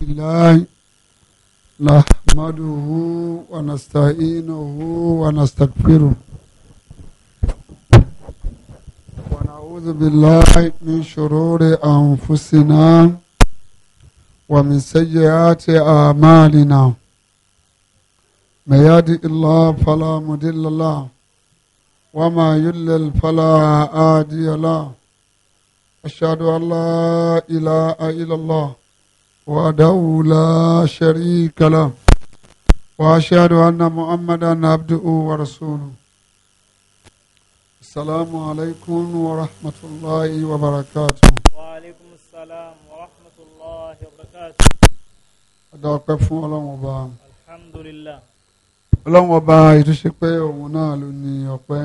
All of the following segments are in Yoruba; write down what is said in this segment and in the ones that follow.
الله نحمده ونستعينه ونستغفره ونعوذ بالله من شرور أنفسنا ومن سيئات أعمالنا من يهد الله فلا مضل له وما يلل فلا هادي له أشهد أن لا إله إلا الله وحده لا شريك له وأشهد أن محمدا عبده ورسوله السلام عليكم ورحمة الله وبركاته وعليكم السلام ورحمة الله وبركاته أدعوك فولا مبام الحمد لله ọlọ́run ọba ìtúnṣe pé òun náà ló ní ọpẹ́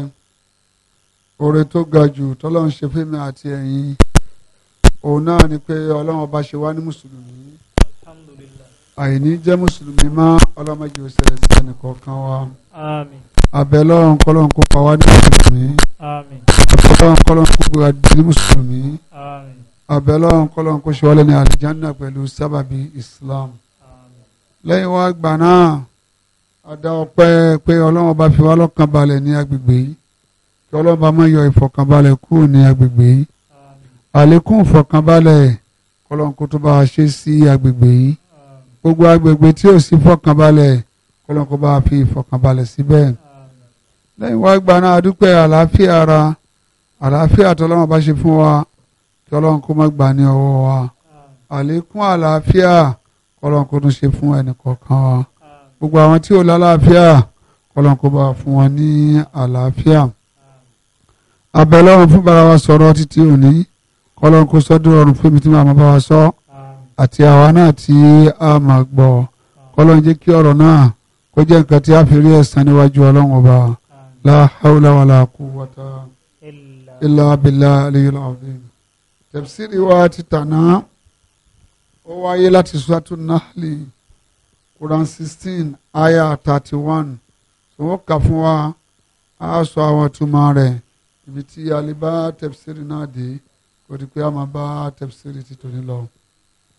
oore tó ga jù tọ́lọ́run ṣe fẹ́mi àti ẹ̀yin òun náà ni pé ọlọ́run ọba ṣe wá ní mùsùlùmí àìní jẹ́ mùsùlùmí má ọlọ́mọdé ò ṣẹlẹ̀ sí ẹnìkọ̀ọ̀kan wa àbẹ̀ lọ́run kọ́lọ́run kó pa wá ní mùsùlùmí àbẹ̀ lọ́run kọ́lọ́run kó gbé ní mùsùlùmí àbẹ̀ lọ́run kọ́lọ́run kó ṣe wọlé ní àlìjánná pẹ̀lú sábàbí Islam lẹ́yìn wá gbà náà. Ada ọpẹ́ pé ọlọ́run bá fi wá lọ́kàn balẹ̀ ní agbègbè yìí kí ọlọ́run bá máa yọ ìfọ̀kànbalẹ̀ kúrò ní agbègbè yìí àlékún ìfọ̀kànbalẹ̀ kọlọ́run kó tó bá a ṣe sí agbègbè yìí gbogbo agbègbè tí ò sí fọ̀kànbalẹ̀ kọlọ́run kó bá a fi ìfọ̀kànbalẹ̀ síbẹ̀ lẹ́yìn wá gba náà adúpẹ́ àlàáfíà ara àlàáfíà tọ́lọ́run bá ṣe fún wa kí ọlọ́run kó má gbà ní ọwọ́ wa àlékún àlàáfíà kọlọ́run kó tún ṣe fún ẹnì kọ̀ọ̀kan wa gbogbo àwọn tí ò lálàáfíà kọlọ́nkọba fún wọn ní àlàáfíà abẹ́lẹ́wọ̀n fún bára wa sọ̀rọ̀ títí òní kọlọ́nkọ sọ́dún ọ̀run fún mi tí màmá bá wa sọ àti àwa náà tí a máa gbọ́ kọlọ́n jẹ́ kí ọ̀rọ̀ náà kó jẹ́ nǹkan tí a fi rí ẹ̀san níwájú ọlọ́run ọba la hawla wala quwwata illa billahi aliyul azim tafsiri ti tàná ó wáyé láti Suratu Nahli. Quran sixteen ayah thirty one tí wọ́n kà fún wa á sọ àwọn ìtumọ̀ rẹ̀ ibi tí alibá tẹ̀síìrì náà dé kò di pé a máa bá tẹ̀síìrì ti tòní lọ.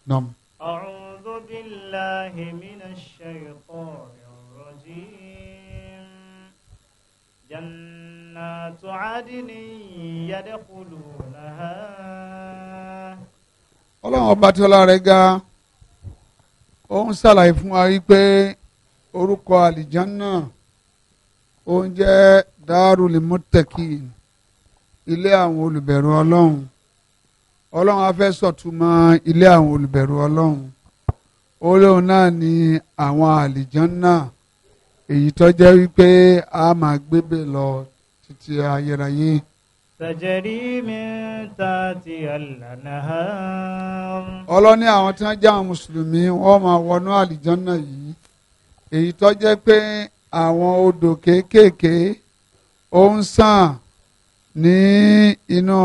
Nam. A'udhu billahi minash shaytanir جنات عدن يدخلونها. ọlọ́run ọba tí ó ń ṣàlàyé fún wa wípé orúkọ àlìjánná ó ń jẹ́ darul muttaqin ilé àwọn olùbẹ̀rù ọlọ́run ọlọ́run á ilé àwọn olùbẹ̀rù ọlọ́run olóhùn náà ni àwọn àlìjánná èyí tó jẹ́ wípé a máa gbébè lọ títí ayérayé tajari min tatiha al-anhar. ọlọ́ni àwọn tí wọ́n jẹ́ àwọn mùsùlùmí wọ́n máa wọnú àlìjọ́nà yìí èyí tó jẹ́ pé àwọn odò kéékèèké ó ń sàn ní inú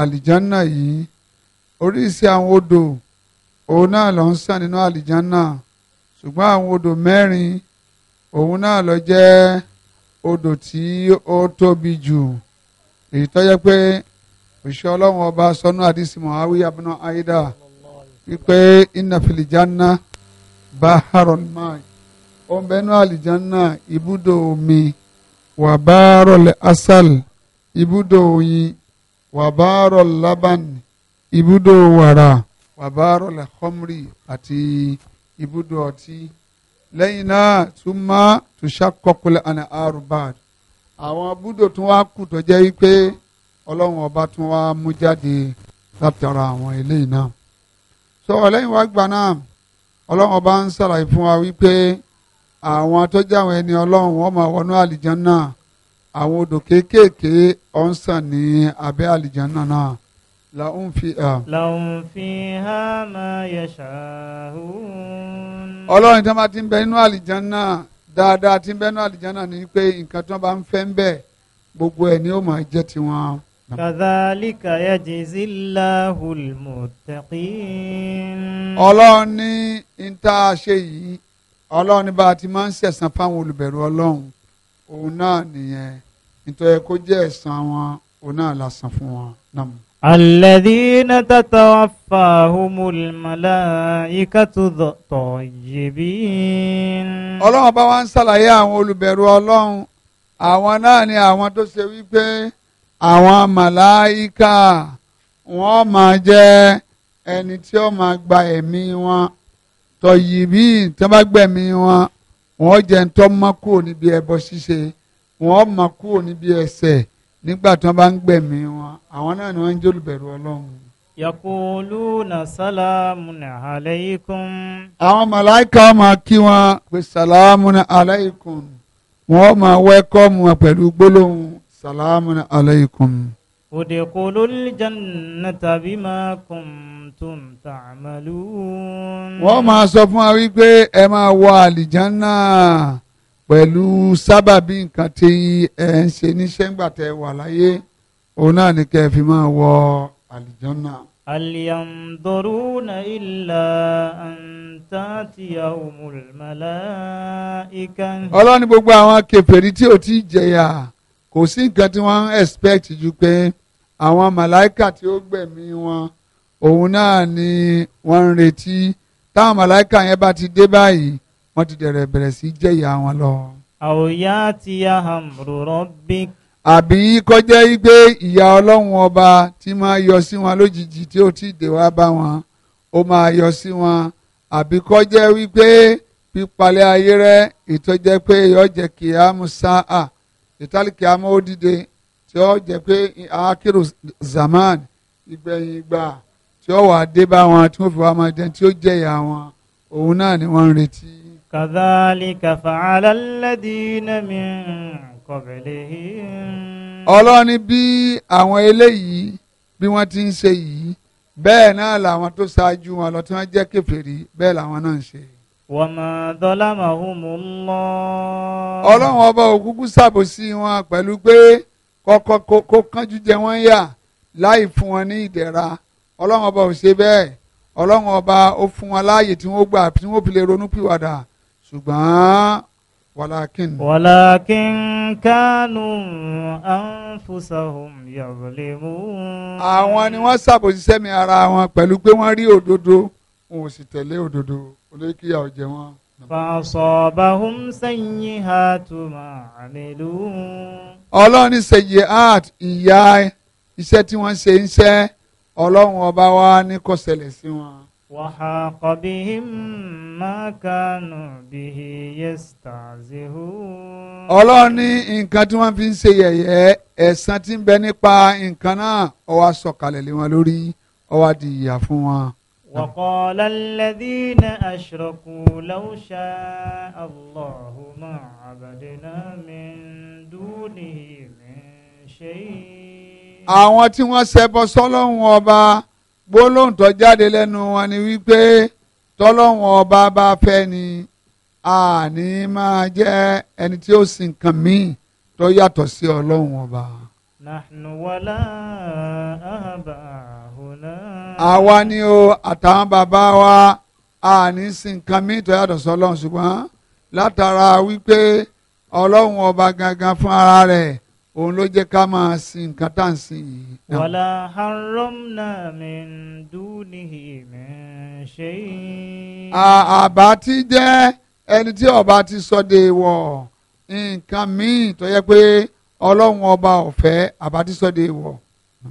àlìjọ́nà yìí oríṣi àwọn odò òun náà ló ń sàn nínú àlìjọ́nà ṣùgbọ́n àwọn odò mẹ́rin òun náà ló jẹ́ odò tí ó tóbi jù èyí tó yẹ pé òṣìṣẹ́ ọlọ́run ọba sọnú àdìsí muhawi abuna aida wípé inna fil janna baharon mai ọ̀nbẹ́nu àlìjánná ibùdó omi wà bárọ̀lẹ̀ asal ibùdó oyin wà bárọ̀lẹ̀ laban ibùdó wàrà wà bárọ̀lẹ̀ khomri àti ibùdó ọtí lẹ́yìn náà tún má tùṣàkọ́kulẹ̀ àná àrùbáàdì àwọn búdò tún wá kù tó jẹ́ wípé ọlọ́run ọba tún wá mú jáde látara àwọn eléyìí náà so ọlẹ́yìn wá gbà náà ọlọ́run ọba ń ṣàlàyé fún wa wípé àwọn tó jáwọn ẹni ọlọ́run wọ́n máa wọnú àlìjánná àwọn odò kéékèèké ọ̀nsàn ní abẹ́ àlìjánná náà làwọn fi hà. làwọn fi hà máa yẹ ṣàhùn. ọlọ́run tí dáadáa tí bẹ́ẹ̀ náà àlìjáná ni pé nǹkan tí wọ́n bá ń fẹ́ ń bẹ̀ gbogbo ẹ̀ ni ó máa jẹ́ tiwọn. kàdálíkà yajzi Allahul muttaqin. ọlọ́run ní n tá a ṣe yìí ọlọ́run ní bá a ti máa ń ṣẹ̀san fáwọn olùbẹ̀rù ọlọ́run òun náà nìyẹn nítorí kó jẹ́ ẹ̀san wọn òun náà la san fún wọn náà. الذين تتوفاهم الملائكة طيبين ọlọ́run bá wa ń ṣàlàyé àwọn olùbẹ̀rù ọlọ́run àwọn náà ni àwọn tó ṣe wípé àwọn màláìka wọ́n máa jẹ́ ẹni tí ó máa gba ẹ̀mí wọn tọ̀yìbí tí wọ́n bá gbẹ̀mí wọn wọ́n jẹ́ ń tọ́ mọ́ kúrò níbi ẹbọ ṣíṣe wọ́n mọ́ kúrò níbi ẹ̀ṣẹ̀ nígbà tí wọ́n bá ń gbẹ̀mí wọn àwọn náà ni wọ́n ń jólùbẹ̀rù ọlọ́run. yakuluna salamun alaykum. àwọn màláìka máa kí wọn pé salamun alaykum wọ́n máa wẹ́kọ́mù wọn pẹ̀lú gbólóhùn salamun alaykum. udkhulu al-jannata bima kuntum ta'malun. wọ́n máa sọ fún wa wípé ẹ máa wọ àlìjánná pẹ̀lú sábàbí nǹkan tí ẹ ń ṣe níṣẹ́ ńgbà tẹ wà láyé òun náà ni kẹ́ ẹ fi máa wọ àlìjọ́nà. àlìyàndòrúnà ìlà àǹtá ti àwòmùl màláìka. ọlọ́ni gbogbo àwọn kèfèrí tí ò tí jẹ̀yà kò sí nǹkan tí wọ́n ń expect ju pé àwọn màláìka tí ó gbẹ̀mí wọn òun náà ni wọ́n ń retí táwọn màláìka yẹn bá ti dé báyìí wọ́n ti dẹ̀rẹ̀ bẹ̀rẹ̀ sí jẹ̀yà wọn lọ. àwòyá ti ya hàmùrù rọ́bì. àbí kọjá igbe ìyá ọlọ́run ọba tí máa yọ sí wọn lójijì tí ó ti dé wá bá wọn ó máa yọ sí wọn àbí kọjá wípé pípalẹ̀ ayé rẹ̀ ìtọ́jẹ́ pé yọ jẹ́ kí a mú sáà ìtàlí kí ó dìde tí ó jẹ́ pé akérò zaman ìgbẹ̀yìn ìgbà tí ó wà dé bá wọn tí wọ́n fi wá máa jẹun tí ó jẹ̀yà wọn òun náà ni wọ́n ń retí kàdálíkà fàálà lẹ́dínà mi kọ̀bẹ̀lẹ̀. ọlọ́ni bí àwọn eléyìí bí wọ́n ti ń ṣe yìí bẹ́ẹ̀ náà làwọn tó ṣáájú wọn lọ tí wọ́n jẹ́ kèfèrí bẹ́ẹ̀ làwọn náà ń ṣe. wọ́mọ dọ́lámàhùnmọ́. ọlọ́run ọba òkúkú ṣàbòsí wọn pẹ̀lú pé kọ́kọ́ kó kánjú jẹ wọ́n yà láì fún wọn ní ìdẹ̀ra ọlọ́run ọba ò ṣe bẹ́ẹ̀ ọlọ́run ọba ó fún wọn láàyè tí wọ́n gbà tí wọ́n fi lè ronú pìwàdà ṣùgbọ́n wàlákìn. wàlákìn kánú anfusahum yazlimun. àwọn ni wọ́n ṣàbòsíṣẹ́ mi ara wọn pẹ̀lú pé wọ́n rí òdodo wọn ò sì tẹ̀lé òdodo olókìyà ọ̀jẹ̀ wọn. fàṣọ̀bàhùn sẹ́yìn àtúmọ̀ àmìlú. ọlọ́run ní sẹ́yìn art ìyà iṣẹ́ tí wọ́n ṣe ń ṣẹ́ ọlọ́run ọba wa ní kò ṣẹlẹ̀ sí wọn. وحاق بهم ما كانوا به يستعزهون. ọlọ́run ní nǹkan tí wọ́n fi ń ṣe yẹ̀yẹ́ ẹ̀san tí ń bẹ nípa nǹkan náà ó wá sọ̀kalẹ̀ lé wọn lórí ó wá di ìyà fún wọn. وقال الذين أشركوا لو شاء الله ما عبدنا من دونه من شيء. àwọn tí wọ́n ṣẹbọ sọ́lọ́run ọba gbólóhùn tó jáde lẹ́nu wọn ni wípé tọ́lọ́hún ọba bá fẹ́ ni àní máa jẹ́ ẹni tí ó sin nǹkan míì tó yàtọ̀ sí ọlọ́hún ọba. Nahnu wala Àwa ni o àtàwọn bàbá wa àní sin nǹkan míì tó yàtọ̀ sí ọlọ́hún ṣùgbọ́n látara wípé ọlọ́hún ọba gangan fún ara rẹ̀ òun ló jẹ́ ká máa sin nǹkan tá à ń sin yìí. wàlá haramna min dunihi min shay. àbá ti jẹ́ ẹni tí ọba ti sọ de wọ̀ nǹkan míì tó yẹ pé ọlọ́run ọba ọ̀fẹ́ àbá ti sọ de wọ̀.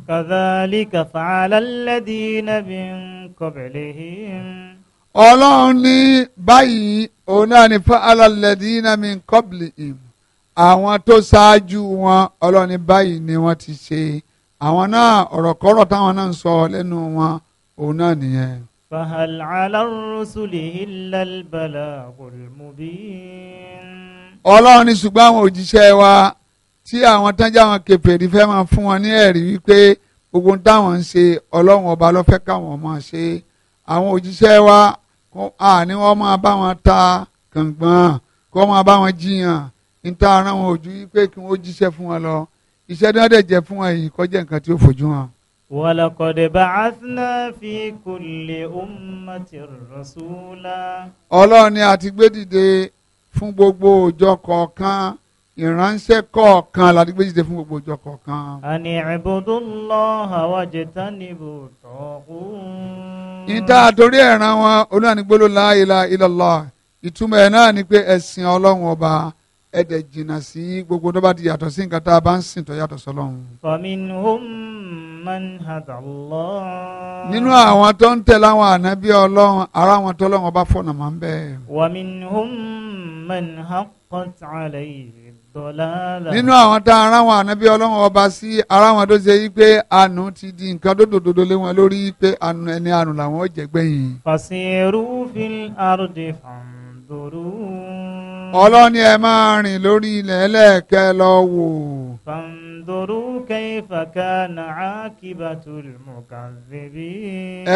kadhalika fa'ala alladhina min qablihim. ọlọ́run ní báyìí òun náà ní fa'ala alladhina min qablihim àwọn tó ṣáájú wọn ọlọ́ni báyìí ni wọ́n ti ṣe àwọn náà ọ̀rọ̀kọ́rọ̀ táwọn náà ń sọ lẹ́nu wọn òun náà nìyẹn. fahal ala rusuli illa albalagul mubin. ọlọ́run ní ṣùgbọ́n àwọn òjíṣẹ́ wa tí àwọn tánjá wọn kèfèrí fẹ́ máa fún wọn ní ẹ̀rí wípé gbogbo táwọn ń ṣe ọlọ́run ọba ló káwọn máa ṣe àwọn òjíṣẹ́ wa àní wọ́n máa bá wọn ta kàngbọ́n kó máa bá wọn jiyàn níta ara wọn ojú yìí pé kí wọ́n jíṣẹ́ fún wọn lọ iṣẹ́ náà dẹ̀ jẹ́ fún wọn yìí kọjá nǹkan tí ó fojú wọn. ولقد بعثنا في كل أمة رسولا. ọlọ́run ni a ti gbé dìde fún gbogbo ìjọ kọ̀ọ̀kan ìránṣẹ́ kọ̀ọ̀kan la ti gbé dìde fún gbogbo ìjọ kọ̀ọ̀kan. àní ibudullaha wajtanibu tọ́kùn. ìta àtòrí ẹ̀ràn wọn onáà ní gbólóhùn la ilaha illallah ìtumọ̀ ẹ̀ náà ni pé ẹ̀sìn ọlọ́run ọba ẹ dẹ̀ jìnnà sí gbogbo tó bá ti yàtọ̀ sí nǹkan tá a bá ń sìn tó yàtọ̀ sọ́lọ́run. faminhum man hadallah. nínú àwọn tó ń tẹ̀lé àwọn ànábí ọlọ́run ara àwọn tó lọ́wọ́ bá fọ̀nà máa ń bẹ̀. waminhum man haqqat alayhi ad-dalala. nínú àwọn tá ara àwọn ànábí ọlọ́run ọba sí ara àwọn tó ṣe yí pé àánú ti di nǹkan tó lé wọn lórí pé ẹni àánú làwọn ò jẹ́ gbẹ̀yìn. fasiru fil ardi fanduru ọlọ́ni ẹ máa rìn lórí ilẹ̀ ẹlẹ́ẹ̀kẹ́ lọ wò. fàǹdùrú kẹfàkà nàá kíbà tó lè mú kàǹfẹ̀bí.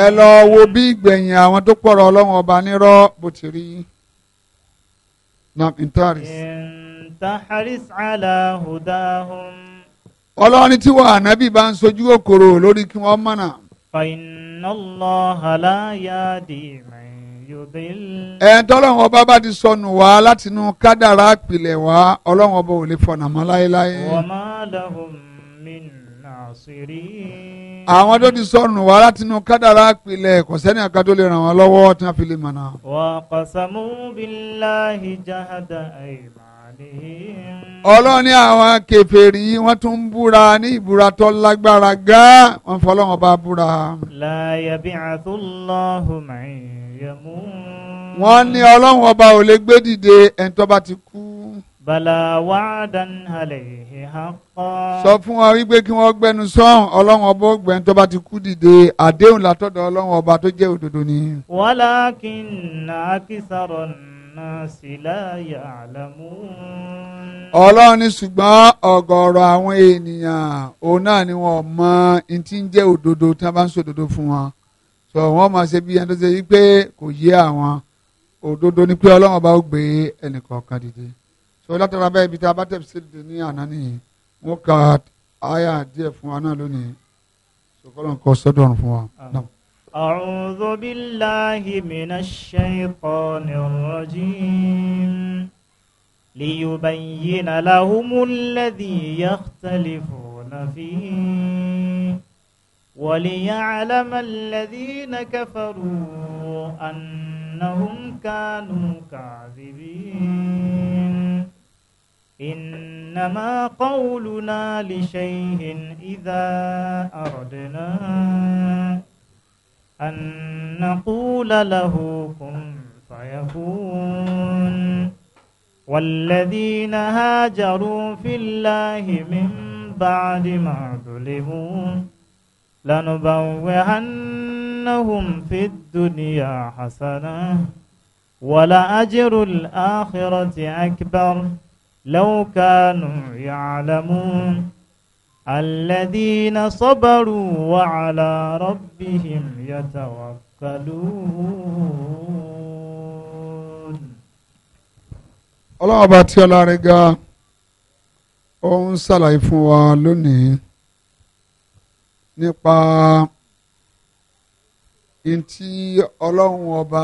ẹ lọ wo bí ìgbẹ̀yìn àwọn tó pọ̀rọ̀ ọlọ́run ọba nírọ́ bó ti rí. nam intaris. intaharis ala ọlọ́ni tí wọ́n ànábì bá ń sojú òkòrò lórí kí wọ́n mọ̀nà. fa inna Allaha la yahdi man ẹ̀ tọ́lọ́run ọba bá ti sọnù wá látinú kádàrá àpilẹ̀ wá ọlọ́run ọba ò lè fọ̀nà mọ́ láéláé. wa ma lahum min nasirin. àwọn tó ti sọnù wá látinú kádàrá àpilẹ̀ kò sẹ́ni àká tó lè ràn wọ́n lọ́wọ́ tí wọ́n fi lè mọ̀nà. wa qasamu billahi jahada aymanihim ọlọ́run ní àwọn kèfèrí wọ́n tún ń búra ní ìbúra tó lágbára gá wọ́n fọlọ́run ọba búra. la yabi'athullahu man wọ́n ní ọlọ́run ọba ò lè gbé dìde ẹni tó bá ti kú. bala wa'dan alayhi haqqan. sọ fún wọn wípé kí wọ́n gbẹnu sọ́hùn ọlọ́run ọba ó gbẹ̀yìn tó bá ti kú dìde àdéhùn látọ̀dọ̀ ọlọ́run ọba tó jẹ́ òdodo ni. walakinna akthara an-nasi la ya'lamun. ọlọ́run ní ṣùgbọ́n ọ̀gọ̀ọ̀rọ̀ àwọn ènìyàn òun náà ni wọ́n mọ ní ti ń jẹ́ òdodo tí wọ́n bá ń ṣòdodo fún wọn so wọ́n máa ṣe bí ẹni tó ṣe yí pé kò yé àwọn òdodo ni pé ọlọ́run ọba gbé ẹnìkọ̀ọ̀kan dìde so látara bẹ́ẹ̀ ibi tí a bá tẹ̀ dìde ní àná nìyí wọ́n ka àyà díẹ̀ fún wa náà lónìí so kọ́lọ́n kọ́ fún wa. أعوذ بالله من الشيطان الرجيم ليبين لهم الذي يختلفون فيه وليعلم الذين كفروا أنهم كانوا كاذبين إنما قولنا لشيء إذا أردنا أن نقول له كن فيكون والذين هاجروا في الله من بعد ما ظلموا لنبوئنهم في الدنيا حسنة ولأجر الآخرة أكبر لو كانوا يعلمون الذين صبروا وعلى ربهم يتوكلون الله tí ọlá rẹ̀ أون سلايفوا ń nípa ntí ọlọ́run ọba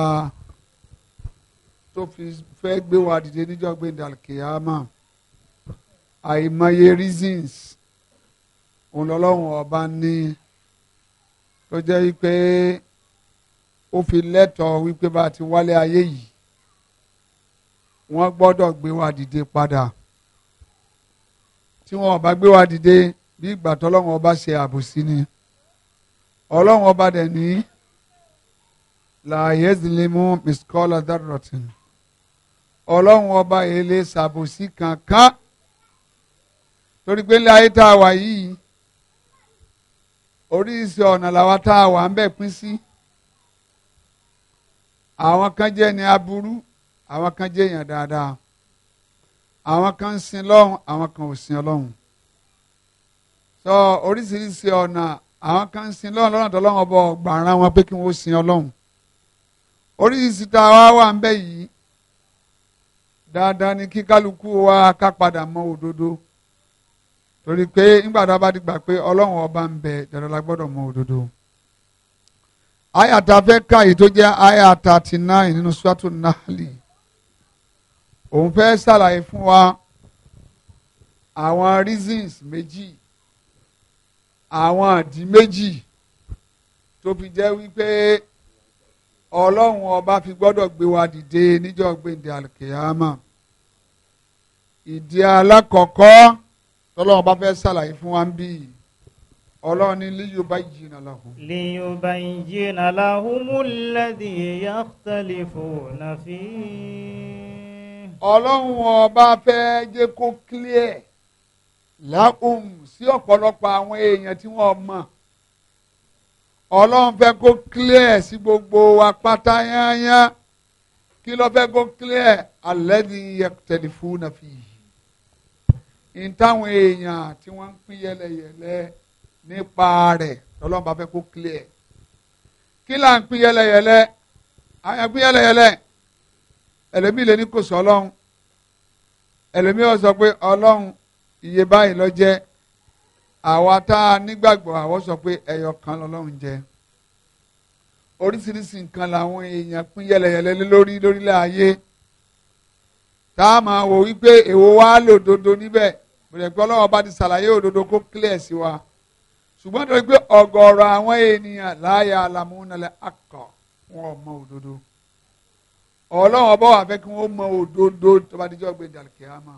tó fi fẹ́ gbé wa dìde níjọ́ gbẹ̀ndẹ̀ alkiyama àìmọye reasons òun lọ́lọ́run ọba ní tó jẹ́ wípé ó fi lẹ́tọ̀ọ́ wípé bá a ti wálé ayé yìí wọ́n gbọ́dọ̀ gbé wa dìde padà tí wọ́n bá gbé wa dìde bí ìgbà tọ́lọ́run ọba ṣe àbòsí ni ọlọ́run ọba dẹ̀ ní la yezlimu miskola darrotin ọlọ́run ọba èlé ṣàbòsí kankan torí pé ilé ayé tá a wà yìí oríṣi ọ̀nà làwa tá a wà ń bẹ̀ pín sí àwọn kan jẹ́ ní aburú àwọn kan jẹ́ èèyàn dáadáa àwọn kan ń sin lọ́hùn àwọn kan ò sin ọlọ́hùn. so oríṣiríṣi ọ̀nà àwọn kan sin lọ́wọ́ lọ́nà tọ́lọ́wọ́ bọ̀ wọn pé kí wọ́n sin ọlọ́run oríṣiríṣi tá a wá wà ń yìí dáadáa ni kí kálukú wa ká padà mọ òdodo torí ayata fẹ́ ka ayata ti òun fẹ́ ṣàlàyé fún wa àwọn àdí méjì tó fi jẹ́ wípé ọlọ́run ọba fi gbọ́dọ̀ gbé wa dìde níjọ́ gbèǹde àlùkìyàmà ìdí alákọ̀ọ́kọ́ tọ́lọ́run bá fẹ́ ṣàlàyé fún wa ń bí yìí ọlọ́run ní líyù bá yìí nà láhùn. líyù bá yìí nà láhùn múlẹ̀dì fi. ọlọ́run ọba fẹ́ jẹ́ kó clear láhùn sí ọ̀pọ̀lọpọ̀ àwọn èèyàn tí wọ́n mọ̀ ọlọ́run fẹ́ kó clear sí gbogbo wa pátá yányá kí ló fẹ́ kó clear alladhi yaktalifuna fihi ní táwọn èèyàn tí wọ́n ń pín yẹlẹyẹlẹ nípa rẹ̀ ọlọ́run bá fẹ́ kó clear kí là ń pín yẹlẹyẹlẹ àwọn àpín yẹlẹyẹlẹ ẹlẹ́mí lè ní kò sọ ọlọ́run ẹlẹ́mí ọ̀ sọ pé ọlọ́run iye báyìí lọ jẹ́ àwa tá a nígbàgbọ́ àwọn sọ pé ẹyọ kan lọ́lọ́run jẹ oríṣiríṣi nǹkan làwọn èèyàn pín yẹlẹyẹlẹ lé lórí lórílẹ̀ ayé tá a máa wò wípé èwo wá lòdodo níbẹ̀ bẹ̀rẹ̀ pé ọlọ́wọ́ bá ti ṣàlàyé òdodo kó clear sí wa ṣùgbọ́n tó ń gbé ọ̀gọ̀ọ̀rọ̀ àwọn ènìyàn láàyè àlàmúnalẹ̀ akọ̀ wọn ò mọ òdodo ọlọ́run ọba wà fẹ́ kí wọ́n mọ òdodo tó bá dijọ́ gbé dàlùkì àmọ́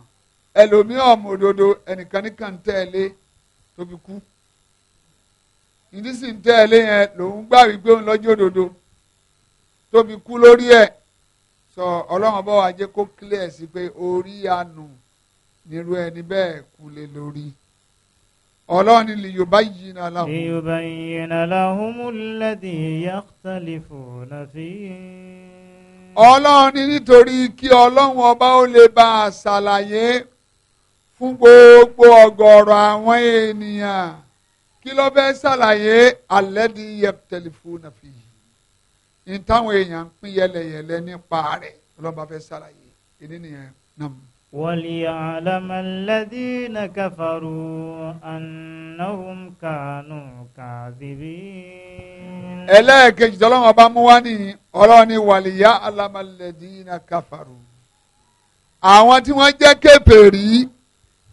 ẹlòmíràn mọ òdodo ẹnìkan ní kàn tẹ́lẹ̀ tó fi kú ìdí sì ń tẹ́ ẹ lé yẹn lòun gbà wípé òun lọ́jọ́ òdodo tó fi kú lórí ẹ̀ sọ ọlọ́run bọ́ wàá jẹ́ kó clear sí pé orí àánú nírú ẹni bẹ́ẹ̀ kú lé lórí ọlọ́run ni lè yorùbá yìí náà láhùn. lè yorùbá yìí náà láhùn múlẹ̀dì yakhtalifuna fi. ọlọ́run ni nítorí kí ọlọ́run ọba ó lè bá a ṣàlàyé fún gbogbo ọ̀gọ̀rọ̀ àwọn ènìyàn kí ló fẹ́ ṣàlàyé alẹ́dí yẹtẹlifù nàfi yìí ní táwọn èèyàn ń pín yẹlẹyẹlẹ nípa rẹ̀ ọlọ́ba fẹ́ ṣàlàyé èdè nìyẹn nam. وليعلم الذين كفروا أنهم كانوا كاذبين. ẹlẹ́ẹ̀kejì tọ́lọ́wọ́n bá mú wá ní ọlọ́ọ̀ni wàlíyá alamalẹ́dínà káfàrú àwọn tí wọ́n jẹ́ kèfèrí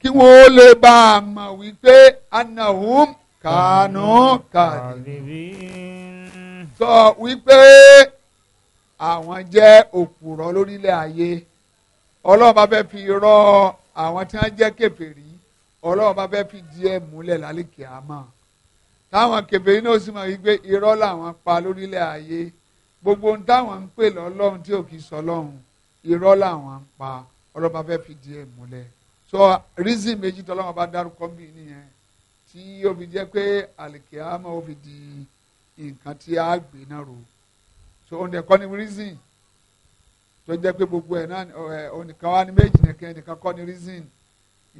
kí wọ́n lè bá a mọ̀ wípé anahum kànú kàdìrí sọ wípé àwọn jẹ́ òpùrọ̀ lórílẹ̀ ayé ọlọ́run bá fẹ́ fi rọ àwọn tí wọ́n jẹ́ kèfèrí ọlọ́run bá fẹ́ fi díẹ̀ múlẹ̀ lálẹ́ kìámà táwọn kèfèrí náà sì mọ̀ wípé irọ́ làwọn pa lórílẹ̀ ayé gbogbo ohun táwọn ń pè lọ́lọ́run tí ò kì í sọ lọ́run irọ́ làwọn ń pa ọlọ́run fẹ́ fi díẹ̀ múlẹ̀ so reason méjì tọ́lọ́wọ́n bá dárúkọ bí nìyẹn tí ó fi jẹ́ pé àlìkíyàmá ó fi di nǹkan tí a gbé náà rò so òun nìkan ni reason tó jẹ́ pé gbogbo ẹ̀ náà òun nìkan wá ní méjì nìkan nìkan kọ́ ni reason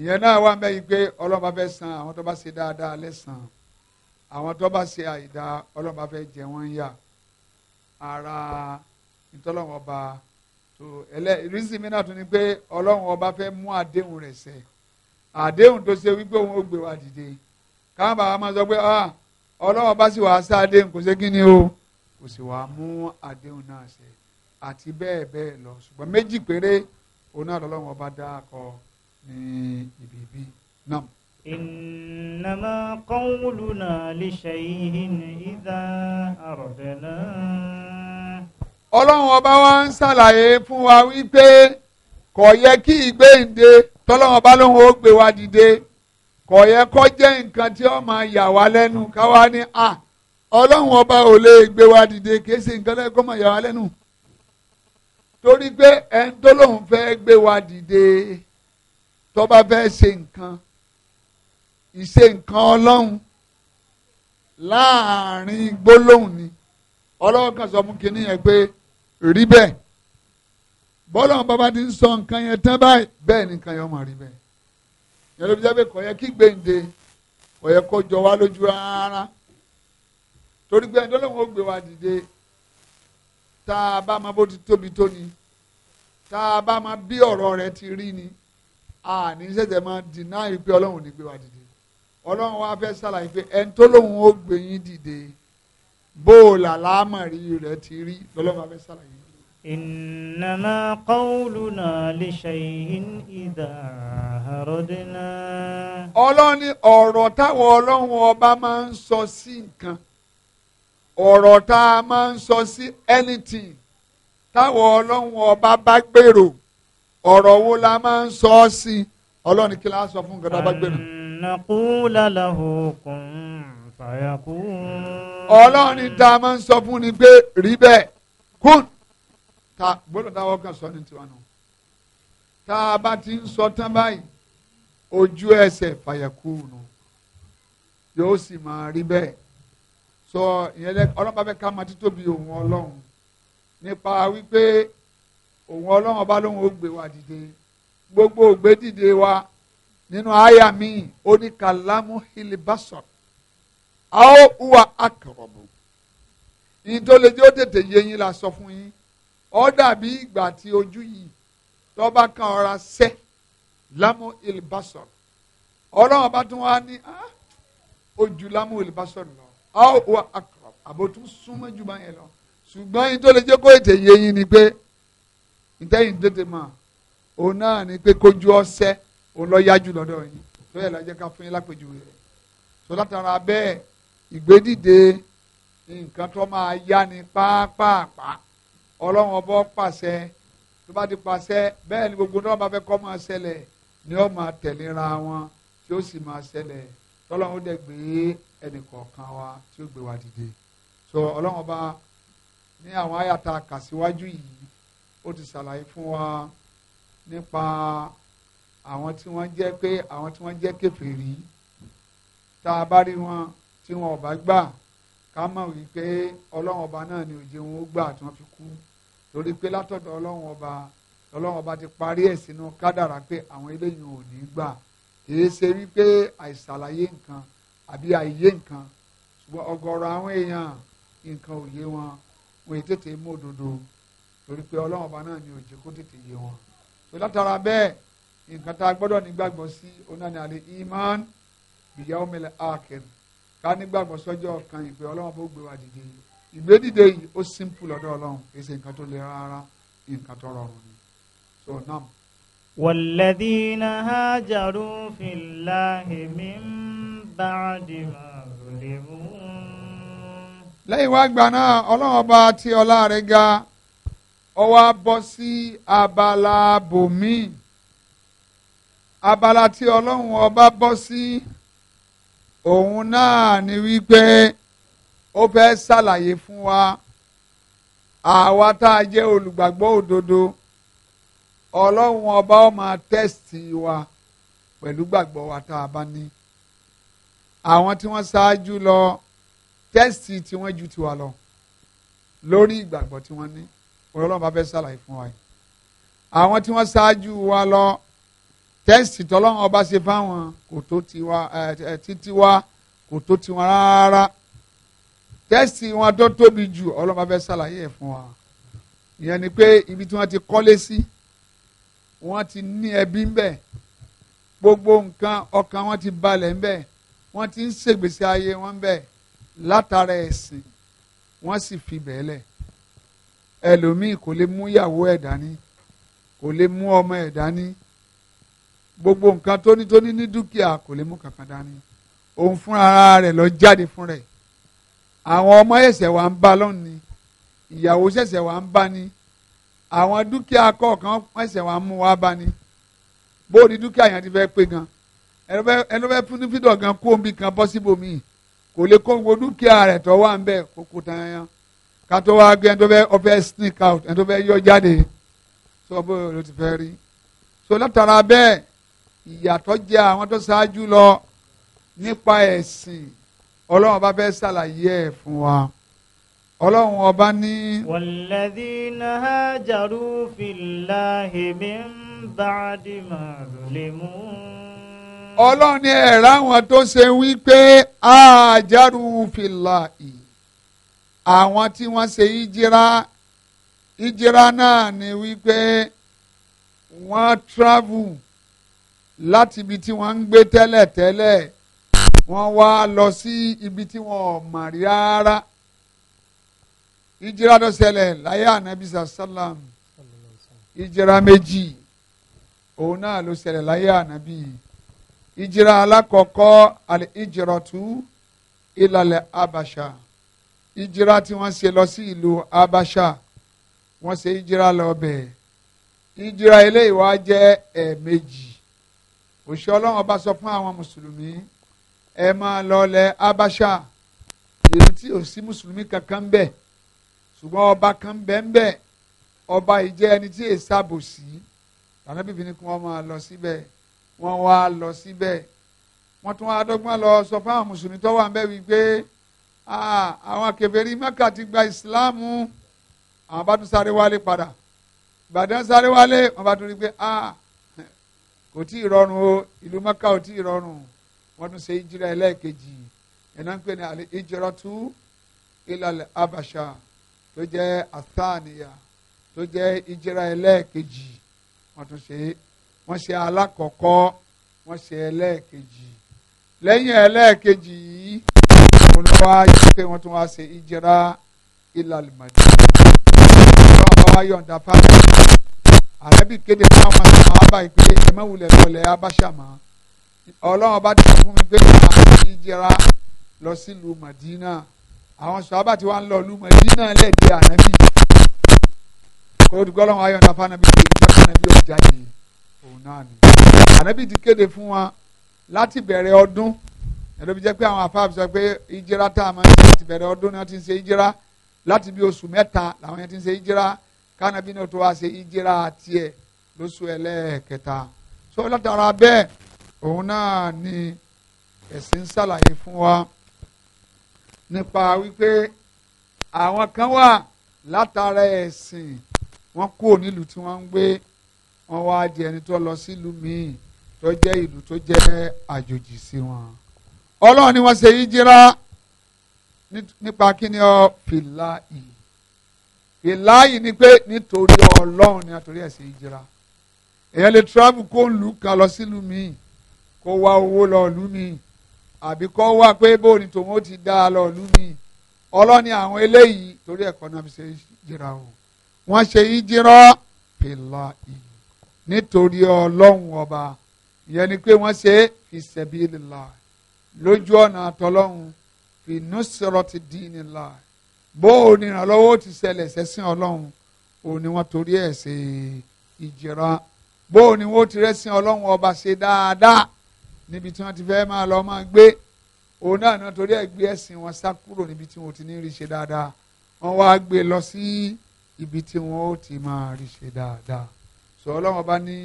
ìyẹn náà wà mẹ́yìn pé Ọlọ́run bá fẹ́ san àwọn tó bá ṣe dáadáa lẹ́san àwọn tó bá ṣe àìdá Ọlọ́run fẹ́ jẹ wọ́n yà ara ìtọ́lọ́wọ́n bá so ẹlẹ rísì mi náà tún ni pé ọlọ́run ọba fẹ́ mú àdéhùn rẹ̀ ṣẹ àdéhùn tó ṣe wípé òun ó gbé wa dìde káwọn bàbá máa sọ pé ah ọlọ́run ọba sì wàá sá àdéhùn kò ṣe kí ni o kò sì wàá mú àdéhùn náà ṣẹ àti bẹ́ẹ̀ bẹ́ẹ̀ lọ ṣùgbọ́n méjì péré òun náà lọ́lọ́run ọba dá akọ ní ibi ibi náà. إنما قولنا لشيء إذا أردناه ọlọ́run ọba wa ń ṣàlàyé fún wa wípé kò yẹ kí ìgbéǹde tọ́lọ́run ọba lóhun ó gbé wa dìde kò yẹ kó jẹ́ nǹkan tí ó máa yà wá lẹ́nu káwa ní à ọlọ́run ọba ò lè gbé wa dìde kìí ṣe nǹkan lẹ́yìn máa yà wá lẹ́nu torí pé ẹni tó lóhun fẹ́ gbé wa dìde tó fẹ́ ṣe nǹkan ìṣe nǹkan ọlọ́run láàrin gbólóhùn ni ọlọ́run kan sọ fún kinní yẹn pé rí bẹ́ẹ̀ bọ́lá bàbá ti ń sọ nǹkan yẹn tán báyìí bẹ́ẹ̀ ni nǹkan yẹn máa rí bẹ́ẹ̀ yẹn ló fi jábẹ́ kọ̀ yẹ kí gbèǹde kọ̀ yẹ kó jọ wá lójú rárá torí pé ẹjọ́ lóun ó gbé wa dìde tá a bá máa bó ti tóbi tó ni tá a bá máa bí ọ̀rọ̀ rẹ ti rí ni a ní ṣẹ̀ṣẹ̀ máa dìná ìpè ọlọ́run ò ní gbé wa dìde ọlọ́run wa fẹ́ ṣàlàyé pé ẹni tó lóun ó gbé yín dìde. bóòlà láàmàrí rẹ ti rí lọ́lọ́mọ abẹ́ sàlàyé. ìnàmà qawluna li shay'in idha àròdínà. ọlọ́ni ọ̀rọ̀ táwọn ọlọ́run ọba máa ń sí anything ọba bá ọ̀rọ̀ wo la máa ń sí ọlọ́ni kí la sọ ọlọ́run ní tá a máa ń sọ fún ni pé rí bẹ́ẹ̀ kún ta gbọ́dọ̀ táwọn kan sọ ní tiwa náà tá a bá ti ń sọ tán báyìí ojú ẹsẹ̀ fàyàkùnù yóò sì máa rí bẹ́ẹ̀ sọ ìyẹn lẹ ọlọ́pàá fẹ́ ká máa títóbi òun ọlọ́run nípa wípé òun ọlọ́run ọba lóun ó gbé wa dìde gbogbo ògbé dìde wa nínú àyà mi ó ní aw wa akọrọbù ìdólejò ó tètè yé la sọ fún yín ó dàbí ìgbà tí ojú yìí tó bá kan ọ̀ra sẹ́ lámú ìlbásọ̀rọ̀ ọlọ́run bá tún wá ní ojú lámú ìlbásọ̀rọ̀ lọ aw huwa akọrọbù àbótún súnmọ́ jù bá yẹn lọ ṣùgbọ́n ìdólejò kó ètè yé ni pé ìtẹ́yìn tètè mọ̀ òun náà ni pé kójú ọ̀sẹ̀ òun lọ yájú lọ́dọ̀ yín tó yẹ lọ́jọ́ ká fún yín lápèjúwe rẹ̀ tó látara bẹ́ẹ̀ ìgbédìde nǹkan tó máa yá ni pápápá ọlọ́run ọbọ̀ pàṣẹ tó bá ti pàṣẹ bẹ́ẹ̀ ni gbogbo náà bá fẹ́ kọ́ máa ṣẹlẹ̀ ni ó máa tẹ̀léra wọn tí ó sì máa ṣẹlẹ̀ tọ́lọ́run dẹ̀ gbé ẹnì kọ̀ọ̀kan wa tí ó gbé wa dìde so ọlọ́run ọba ní àwọn àyàtà kàṣíwájú yìí ó ti ṣàlàyé fún wa nípa àwọn tí wọ́n jẹ́ pé àwọn tí wọ́n jẹ́ kèfèrí tá a bá rí wọn tí wọn ò bá gbà ká mọ̀ wípé ọlọ́run ọba náà ni òjò wọn ó gbà tí wọ́n fi kú torí pé látọ̀dọ̀ ọlọ́run ọba ọlọ́run ọba ti parí ẹ̀ sínú kádàrá pé àwọn eléyìí ò ní gbà kìí ṣe wípé àìsàlàyé nǹkan àbí àìyé nǹkan ṣùgbọ́n ọ̀gọ̀rọ̀ àwọn èèyàn nǹkan òye wọn wọn tètè mú òdodo torí pé ọlọ́run ọba náà ni òjò kó tètè yé wọn tó látara bẹ́ẹ̀ nǹkan tá a gbọ́dọ̀ nígbàgbọ́ sí onáni àlè iman bìyàwó mẹlẹ ákẹ́rì ká nígbàgbọ́ sọ́jọ́ kan ìpè ọlọ́run bó gbé wa dìde ìgbé yìí ó simple lọ́dọ̀ ọlọ́run kì í ṣe nǹkan tó le rárá nǹkan tó rọrùn ni so nam. والذين هاجروا في الله من بعد ما ظلموا. lẹ́yìn wá gbà náà ọlọ́run ọba tí ọlá rẹ̀ ga ó wá bọ́ sí abala bòmíì abala tí ọlọ́run ọba bọ́ sí. Si òun náà ni wípé ó fẹ́ ṣàlàyé fún wa àwa tá a jẹ́ olùgbàgbọ́ òdodo ọlọ́run ọba ó máa tẹ́sítì wa pẹ̀lú gbàgbọ́ wa tá a bá ní àwọn tí wọ́n ṣáájú lọ tẹ́sítì tí wọ́n ju tiwa lọ lórí ìgbàgbọ́ tí wọ́n ní ọlọ́run bá fẹ́ ṣàlàyé fún wa yìí àwọn tí wọ́n ṣáájú wa lọ tẹ́sì tọ́lọ́run ọba ṣe fáwọn kò tó tiwa ẹ títí wa kò tó tiwọn rárá tẹ́sì wọn tó tóbi jù ọlọ́run bá fẹ́ ṣàlàyé ẹ̀ fún wa ìyẹn ni pé ibi tí wọ́n ti kọ́lé sí wọ́n ti ní ẹbí ń bẹ gbogbo nǹkan ọkàn wọn ti balẹ̀ ń bẹ wọ́n ti ń ṣègbésí ayé wọn ń bẹ látara ẹ̀sìn wọ́n sì fi bẹ̀ẹ́lẹ̀ ẹlòmíì kò lè mú ìyàwó ẹ̀ dání kò lè mú ọmọ ẹ̀ dání gbogbo nǹkan tónítóní ní dúkìá kò lè mú kankan dání òun fún ara rẹ̀ lọ jáde fún rẹ̀ àwọn ọmọ ẹ̀sẹ̀ wa ń bá lọ́nù ni ìyàwó ṣẹ̀ṣẹ̀ wa ń bá ni àwọn dúkìá kọ̀ọ̀kan ẹ̀sẹ̀ wa ń mú wa bá ni bó o ní dúkìá yẹn ti fẹ́ pé gan ẹni fẹ́ fún fídọ̀ gan kó omi kan bọ́ síbò míì kò lè kó gbogbo dúkìá rẹ̀ tọ́ wà ń bẹ̀ kó kó tán yan ká tó wá gbé ẹni tó fẹ́ ọfẹ́ sneak out ẹni tó fẹ́ yọ jáde sọ bó ló ti fẹ́ rí so látara bẹ́ẹ̀ ìyàtọ̀ jẹ́ àwọn tó ṣáájú lọ nípa ẹ̀sìn ọlọ́run ọba fẹ́ ṣàlàyé ẹ̀ fún wa ọlọ́run ọba ní. walladhina hajaru fillahi min ba'di ma zulimu. ọlọ́run ní ẹ̀rọ àwọn tó ṣe wípé hajaru fillahi àwọn tí wọ́n ṣe ìjìra ìjìra náà ni wípé wọ́n travel láti ibi tí wọ́n ń gbé tẹ́lẹ̀ tẹ́lẹ̀ wọ́n wá lọ sí ibi tí wọ́n mọ̀ rárá ìjìrà tó ṣẹlẹ̀ láyé ànábì sàlám ìjìrà méjì òun náà ló ṣẹlẹ̀ láyé ànábì ìjìrà alákọ̀ọ́kọ́ àlẹ́ ìjìrà tú ìlàlẹ̀ abàṣà ìjìrà tí wọ́n ṣe lọ sí ìlú abàṣà wọ́n ṣe ìjìrà lọ bẹ̀ ìjìrà eléyìí wá jẹ́ ẹ̀ẹ̀mejì òṣìṣẹ́ ọlọ́run ọba sọ fún àwọn mùsùlùmí ẹ máa lọlẹ̀ abáṣà èyí tí ò sí mùsùlùmí kankan ń bẹ ṣùgbọ́n ọba kan bẹ́ẹ̀ ń bẹ ọba ìjẹ́ ẹni tí èsì àbòsí tàbí bíbí ni kí wọ́n máa lọ síbẹ̀ wọ́n wá lọ síbẹ̀ wọ́n tún adọ́gbọ́n lọ sọ fún àwọn mùsùlùmí tó wà wípé àwọn kèfèrí Mẹ́kà ti gba ìsìláàmù àwọn bá tún sáré wálé padà Ìbàdàn sáré wálé wọ́n bá tún rí pé kò tí ì rọrùn o ìlú mọ́kà ò tí ì rọrùn wọ́n tún ṣe ìjírà ẹlẹ́ẹ̀kejì ẹ̀nà ń pè ní àlẹ́ ìjírà tú ìlàlẹ̀ abàṣà tó jẹ́ àtàníyà tó jẹ́ ìjírà ẹlẹ́ẹ̀kejì wọ́n tún ṣe wọ́n ṣe alákọ̀ọ́kọ́ wọ́n ṣe ẹlẹ́ẹ̀kejì lẹ́yìn ẹlẹ́ẹ̀kejì yìí wọ́n lọ wá yí pé wọ́n tún wá ṣe ìjírà ìlàlẹ̀ màdìyà wọ́n bá wá yọ̀ǹda pàtàkì àrẹ́bì kéde fáwọn àwọn àbá yìí pé ẹ má wulẹ̀ lọlẹ̀ abáṣàmá ọlọ́run bá dìbò fún mi pé àwọn ti jẹra lọ sílùú Madina àwọn sọ́ọ́bà tí wọ́n ń lọ lùú Madina lẹ́ẹ̀dẹ́ ànábì olùdókòwò ọlọ́run ayọ̀ nàfà ànábì pé ìjọba ànábì ọjà yìí òun náà ni ànábì ti kéde fún wa láti bẹ̀rẹ̀ ọdún ẹ̀rọ bí jẹ́ pé àwọn afáàbí sọ pé ìjẹra tá a máa ń ṣe láti bẹ̀rẹ̀ ọdún náà ti ń ṣe ìjẹra láti bí oṣù mẹ́ta làwọn yẹn ti ń ṣe ìjẹra kánábí náà tó wá ṣe ìjìrà tiẹ̀ e lóṣù ẹlẹ́ẹ̀kẹta so látara bẹ́ẹ̀ òun náà ni ẹ̀sìn ṣàlàyé fún wa nípa wípé àwọn kan wà látara ẹ̀sìn wọ́n kúrò nílùú tí wọ́n ń gbé wọ́n wá di ẹni tó lọ sílùú míì tó jẹ́ ìlú tó jẹ́ àjòjì sí wọn ọlọ́run ni wọ́n ṣe yíjíra nípa kíni ọ fìlà yìí ìláyìí ni pé nítorí ọlọ́run ni àtòrí ẹ̀ ṣe ìjìra èèyàn lè travel kó ń lù kan lọ sílùú míì kó wá owó lọ lù míì àbí kó wá pé bóòní tòun ó ti dá a lọ lù míì ọlọ́ni àwọn eléyìí torí ẹ̀kọ́ náà fi ṣe ìjìra o wọ́n ṣe ìjìra pèlà yìí nítorí ọlọ́run ọba ìyẹn ni pé wọ́n ṣe ìṣẹ̀bí lílà lójú ọ̀nà àtọ́lọ́run fi nusrati dinillah bó ní ìrànlọ́wọ́ ti ṣẹlẹ̀ sẹ́sìn ọlọ́run òun ni wọ́n torí ẹ̀ ṣe ìjìrán bó o ní wọ́n ti rẹ́sìn ọlọ́run ọba ṣe dáadáa níbi tí wọ́n ti fẹ́ máa lọ máa gbé òun náà náà torí ẹ̀ gbé ẹ̀sìn wọn sá kúrò níbi tí wọ́n ti ní rí ṣe dáadáa wọ́n wá gbé lọ sí ibi tí wọ́n ó ti máa rí ṣe dáadáa sọ ọlọ́run ọba ní.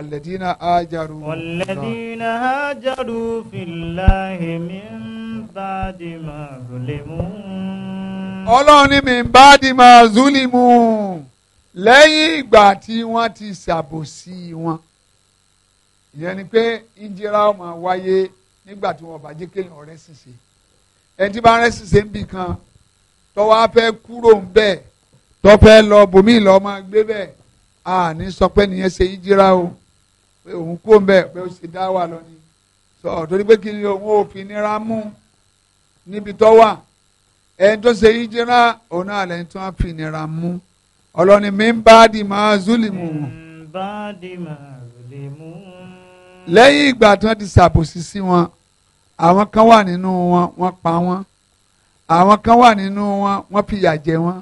الذين هاجروا والذين هاجروا في الله من بعد ما ظلموا Mm. ọlọ́run ní mi bá di máa zúlì mú un lẹ́yìn ìgbà tí wọ́n ti ṣàbòsí wọn ìyẹn ni pé ìjìra ó máa wáyé nígbà tí wọ́n bá jẹ́ kéèyàn ọ̀rẹ́ ṣìṣe ẹni tí bá ń rẹ́ ṣìṣe ń bì kan tọ́wọ́ á fẹ́ kúrò ń bẹ̀ tọ́ lọ bòmí lọ́ máa gbé bẹ̀ àní sọ pé nìyẹn ṣe ìjìra o pé òun kó ń bẹ̀ pé ó ṣe dá wà lọ ni sọ torí pé kí ni òun ò fi nira mú níbi tọ́ wà ẹni tó ṣe ìjìra òun náà lẹ́yìn tí wọ́n fi ìnira mú ọlọ́ni mi ń bá di máa zulimu. lẹ́yìn ìgbà tí wọ́n ti ṣàbòsí sí wọn àwọn kan wà nínú wọn wọ́n pa wọ́n àwọn kan wà nínú wọn wọ́n fìyà jẹ wọ́n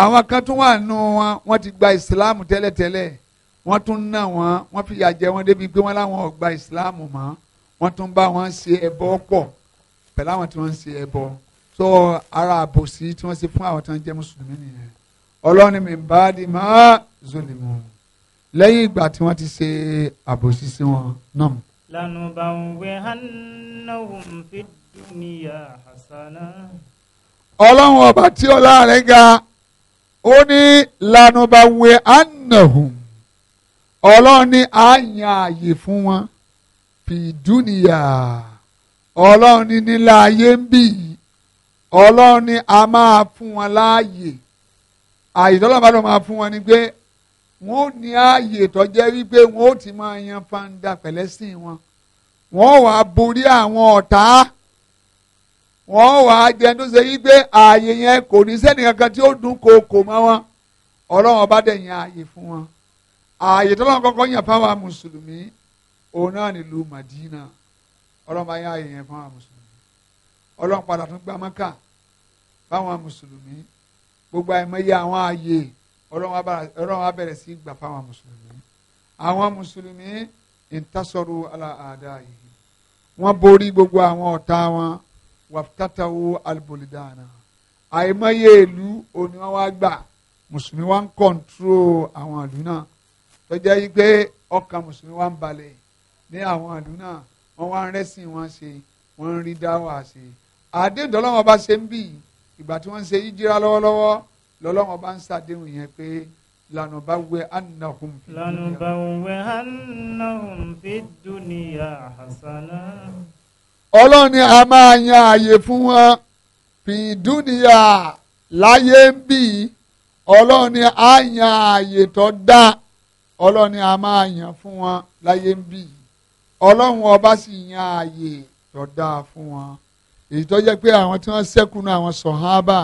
àwọn kan tún wà nínú wọn wọ́n ti gba ìsìláàmù tẹ́lẹ̀tẹ́lẹ̀ wọ́n tún ná wọn wọ́n fìyà jẹ wọ́n débi pé wọ́n láwọn ò gba ìsìláàmù mọ́ wọ́n tún bá wọn ṣe ẹbọ pọ̀ pẹ̀lú tí wọ́n ṣe ẹbọ so ara àbòsí tí wọ́n ṣe fún àwọn tó ń jẹ́ mùsùlùmí nìyẹn ọlọ́ni mi bá di má zoli mu lẹ́yìn ìgbà tí wọ́n ti ṣe àbòsí sí wọn náà. lanu bàwẹ̀ hannahum fi dúnìyà hasana. ọlọ́run ọba tí ọlá rẹ̀ ga ó ní lanu bàwẹ̀ hannahum ọlọ́run ní àyàn àyè fún wọn fi dúnìyà ọlọ́run ní nílá ayé ń bì í. ọlọ́run ni a máa fún wọn láàyè àìsọ́lọ́ba máa fún wọn ni pé wọn ní ààyè tó jẹ́ wípé wọn ò ti máa yan fanda pẹ̀lẹ́sìn wọn wọn wá borí àwọn ọ̀tá wọn wa wá jẹun tó ṣe wípé yẹn kò ní sẹ́ni kankan tí ó dún kookò mọ́ wọn ọlọ́run ọba dẹ̀ yan fún wọn ààyè tó lọ́n kọ́kọ́ yàn mùsùlùmí òun náà nílùú Màdínà. ọlọ́run ọlọ́run padà tún gba mọ́kà fáwọn mùsùlùmí gbogbo àìmọye àwọn ààyè ọlọ́run á bẹ̀rẹ̀ sí gbà fáwọn mùsùlùmí àwọn mùsùlùmí ìtasọ̀rù àdá yìí wọ́n borí gbogbo àwọn ọ̀tá wọn wàtátàwó albolidana àìmọye ìlú òní wọn wá gbà mùsùlùmí wá ń kọ̀ǹtúrò àwọn ìlú náà tó jẹ́ yí pé ọkàn mùsùlùmí wá ń balẹ̀ ní àwọn ìlú náà wọ́n wá ń rẹ́sìn wọn ṣe wọ́n ń rí dáwà ṣe àdéhùn tọ́lọ́wọ́n bá ṣe ń bì ìgbà tí wọ́n ń ṣe yíjíra lọ́wọ́lọ́wọ́ lọ́lọ́wọ́n bá ń ṣàdéhùn yẹn pé lànà bá wẹ anahum. lànà bá wẹ anahum fi dúnìyà hasana. ọlọ́run ni a máa yan àyè fún wọn fi dúnìyà láyé ń bì ọlọ́run ni a yan àyè tó dá ọlọ́run ni a máa yan fún wọn láyé ń bì ọlọ́run ọba sì yan àyè tó dá fún wọn èyí tó jẹ́ pé àwọn tí wọ́n ṣẹ́kù náà àwọn sọ̀hábà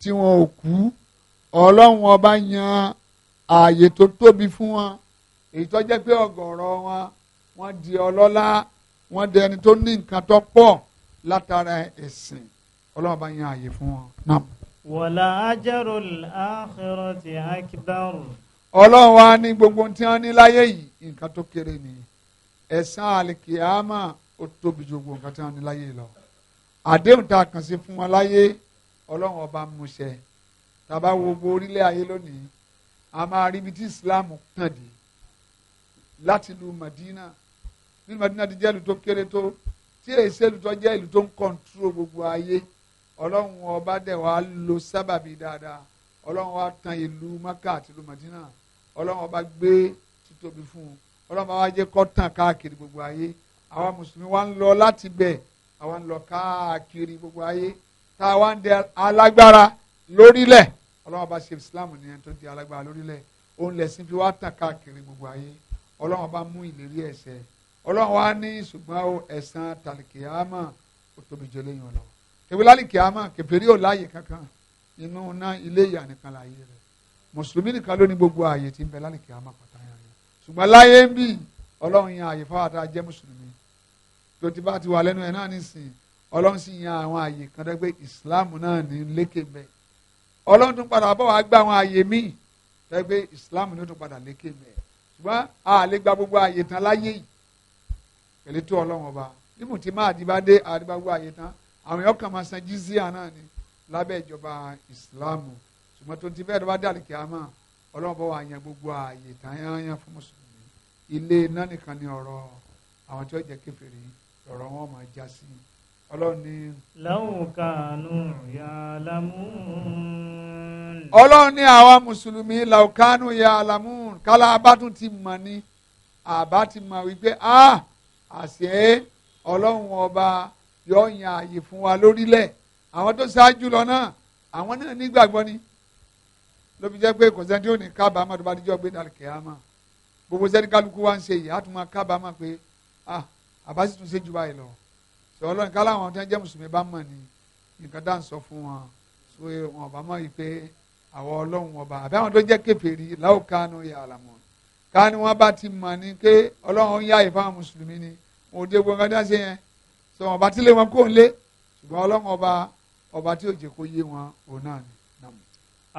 tí wọn ò kú ọlọ́run ọba yan ààyè tó tóbi fún wọn èyí pé ọ̀gọ̀rọ̀ wọn wọ́n di ọlọ́lá wọ́n di ẹni tó ní nǹkan tó pọ̀ látara ẹ̀sìn ọlọ́run ọba yan ààyè fún wọn náà. wala ajrul akhirati akbar. ọlọ́run wa ní gbogbo tí wọ́n ní láyé yìí nǹkan tó kéré ni ẹ̀san àlìkìyàmà ó tóbi ju gbogbo nǹkan tí wọ́n ní láyé lọ àdéhùn tá a kàn sí fún wọn láyé ọlọ́run ọba múṣẹ tàbá wo gbogbo orílẹ̀ ayé lónìí a máa rí ibi tí islam tàn dé láti lu madina nínú madina ti jẹ́ ìlú tó kéré tó tí èsì ìlú tó jẹ́ ìlú tó ń kọ́ńtúrò gbogbo ayé ọlọ́run ọba dẹ̀ wá lo sábàbí dáadáa ọlọ́run wa tan ìlú maka àti ìlú madina ọlọ́run ọba gbé títóbi fún un ọlọ́run ọba wa jẹ́ kọ́ tàn káàkiri gbogbo ayé àwa mùsùlùmí wa ń lọ láti bẹ́ẹ̀ àwa ń lọ káàkiri gbogbo ayé tá a wá ń di alágbára lórílẹ̀ ọlọ́wọ́n bá ṣe islam ní ẹni tó di alágbára lórílẹ̀ òun lẹ̀sìn fi wá tàn káàkiri gbogbo ayé ọlọ́wọ́n bá mú ìlérí ẹ̀ṣẹ̀ ọlọ́wọ́n wá ní ṣùgbọ́n ẹ̀san tàlìkìyàmọ̀ ó tóbi jọ lẹ́yìn ọlọ́wọ́ kẹwìlálìkìyàmọ̀ kẹfẹ́rí ò láàyè kankan inú ná ilé ìyà nìkan láàyè rẹ̀ mùsùlùmí nìkan ló ní gbogbo ààyè tí ń bẹ lálìkìyàmọ̀ pàtàkì tó ti bá ti wà lẹ́nu ẹ̀ náà nísìn ọlọ́run sì yan àwọn àyè kan tó pé islam náà ní lékè bẹ́ẹ̀ ọlọ́run tún padà bọ̀ wá gba àwọn àyè míì tó pé islam ní ó tún padà lékè bẹ́ẹ̀ ṣùgbọ́n a lè gba gbogbo àyè tán láyé yìí pẹ̀lú tó ọlọ́run ọba nímú tí má àdìbá dé àdìbá gbogbo àyè tán àwọn èèyàn kan máa san jizíà náà ni lábẹ́ ìjọba islam ṣùgbọ́n tó ti bẹ́ẹ̀ tó bá dàlí lọ́rọ̀ wọn máa já sí i ọlọ́run ní. láwọn kanu ya lamun. ọlọ́run ni àwa mùsùlùmí láwọn kanu ya lamun kálá abátún ti mọ̀ ni àbá ti mọ̀ wípé a ah, àṣẹ ọlọ́run ọba yóò yan àyè fún wa lórílẹ̀ àwọn tó ṣáájú lọ náà àwọn náà nígbàgbọ́ ni ló fi jẹ́ pé kò sẹ́ni tí ò ní kábàámọ̀ tó bá dijọ́ gbé dàlùkẹ́ àmọ́ gbogbo sẹ́ni kálukú wa ń ṣe yìí á tún máa kábàámọ̀ pé ah àbá sì tún ṣe jù báyìí lọ sọ ọlọ́run ká láwọn tó ń mùsùlùmí bá mọ̀ ni nǹkan dá ń sọ fún wọn so wọn bá mọ̀ yìí pé àwọn ọlọ́run ọba àbí àwọn tó jẹ́ kèfèrí láwùkánú yà àlàmọ́ ká ni wọ́n bá ti mọ̀ ni pé ọlọ́run yá ìfá mùsùlùmí ni wọn ò dé gbọ́ngàn dá sí yẹn sọ wọn bá ti lé wọn kó ń lé ṣùgbọ́n ọlọ́run ọba ọba tí ò kó yé wọn òun náà ni.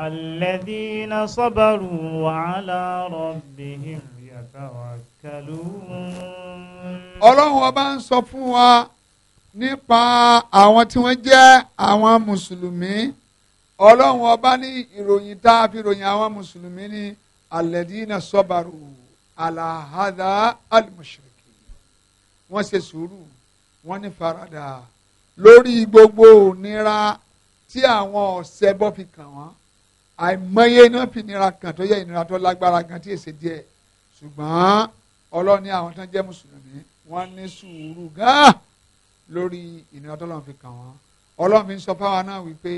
alladhina sabaru wa ala rabbihim ọlọ́run ọba ń sọ fún wa nípa àwọn tí wọ́n jẹ́ àwọn mùsùlùmí ọlọ́run ọba ní ìròyìn tá a fi ròyìn àwọn mùsùlùmí ní alẹ́dínà sọ́bàrù alahada alimusiriki wọ́n ṣe sùúrù wọ́n ní faradà lórí gbogbo ònira tí àwọn ọ̀sẹ̀ bọ́ fi kàn wọ́n àìmọye náà fi nira kàn tó yẹ ìnira tó lágbára gan tí èsè díẹ̀ ṣùgbọ́n ọlọ́ni àwọn tó ń jẹ́ mùsùlùmí wọ́n ní sùúrù gáà lórí ìnira tọ́lọ́run fi kàn wọ́n ọlọ́run fi ń sọ fáwọn náà wípé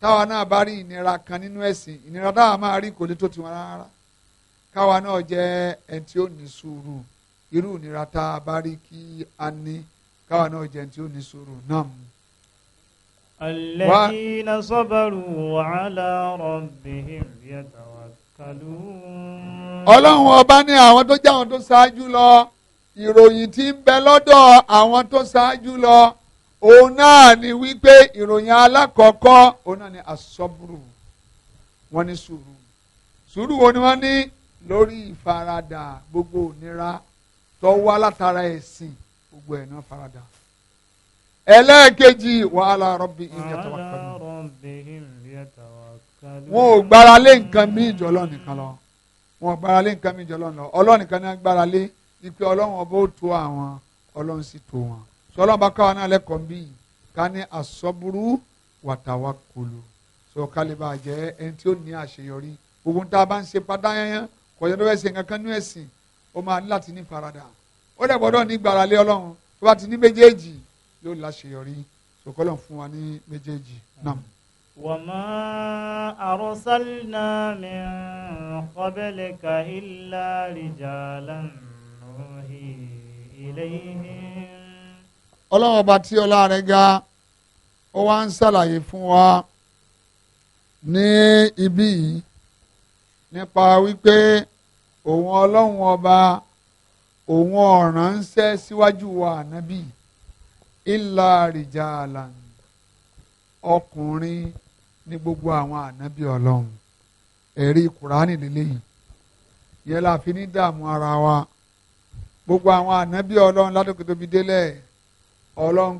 táwa náà bá rí ìnira kan nínú ẹ̀sìn ìnira táwa máa rí kò lè tó tiwọn rárá káwa náà jẹ́ ẹni tí ó ní sùúrù irú ìnira tá a bá rí kí a ní káwa náà jẹ́ ẹni tí ó ní sùúrù náà. alladhina sabaru wa ala rabbihim yatawakkal ọlọ́run ọba ní àwọn tó jẹ́ àwọn tó ṣáájú lọ ìròyìn tí ń bẹ lọ́dọ̀ àwọn tó ṣáájú lọ òun náà ni wípé ìròyìn alákọ̀ọ́kọ́ òun náà ni asọ́bùrù wọ́n ní sùúrù sùúrù wo ni wọ́n ní lórí ìfaradà gbogbo òníra tó wá látara ẹ̀sìn gbogbo ẹ̀ náà faradà ẹlẹ́ẹ̀kejì wàhálà rọ́bì ìyàtọ̀ wà pẹ̀lú wọn ò gbára lé nǹkan mí ìjọ ọlọ́run nìkan lọ wọn ò gbára lé nǹkan mí ìjọ ọlọ́run lọ ọlọ́run nìkan ní agbára lé ipe ọlọ́run ọba ó tó àwọn ọlọ́run sì tó wọn sọ ọlọ́run bá káwọn náà lẹ́kọ̀ọ́ bí ká ní àsọ̀bùrú wàtàwákòlò sọ kálíbà jẹ́ ẹni tí ó ní àṣeyọrí gbogbo tá a bá ń ṣe padà yẹn kọjá tó fẹ́ ṣe nǹkan kan ní ẹ̀sìn ó máa ní láti ní faradà ó dẹ̀ gbọ́dọ̀ ní gbára lé ọlọ́run tó bá ti ní méjèèjì yóò láṣeyọrí sọkọlọ́n fún wa ní méjèèjì náà. وما أرسلنا من قبلك إلا رجالا نوحي إليهم ọlọ́run ọba tí ọlá rẹ̀ ga ó wá fún wa ní ibí yìí wípé òun ọlọ́run ọba ní gbogbo àwọn ànábì ọlọ́run ẹ̀rí kùránì lélẹ́yìí yẹn la fi ní dààmú ara wa gbogbo àwọn ànábì ọlọ́run ládòkè tóbi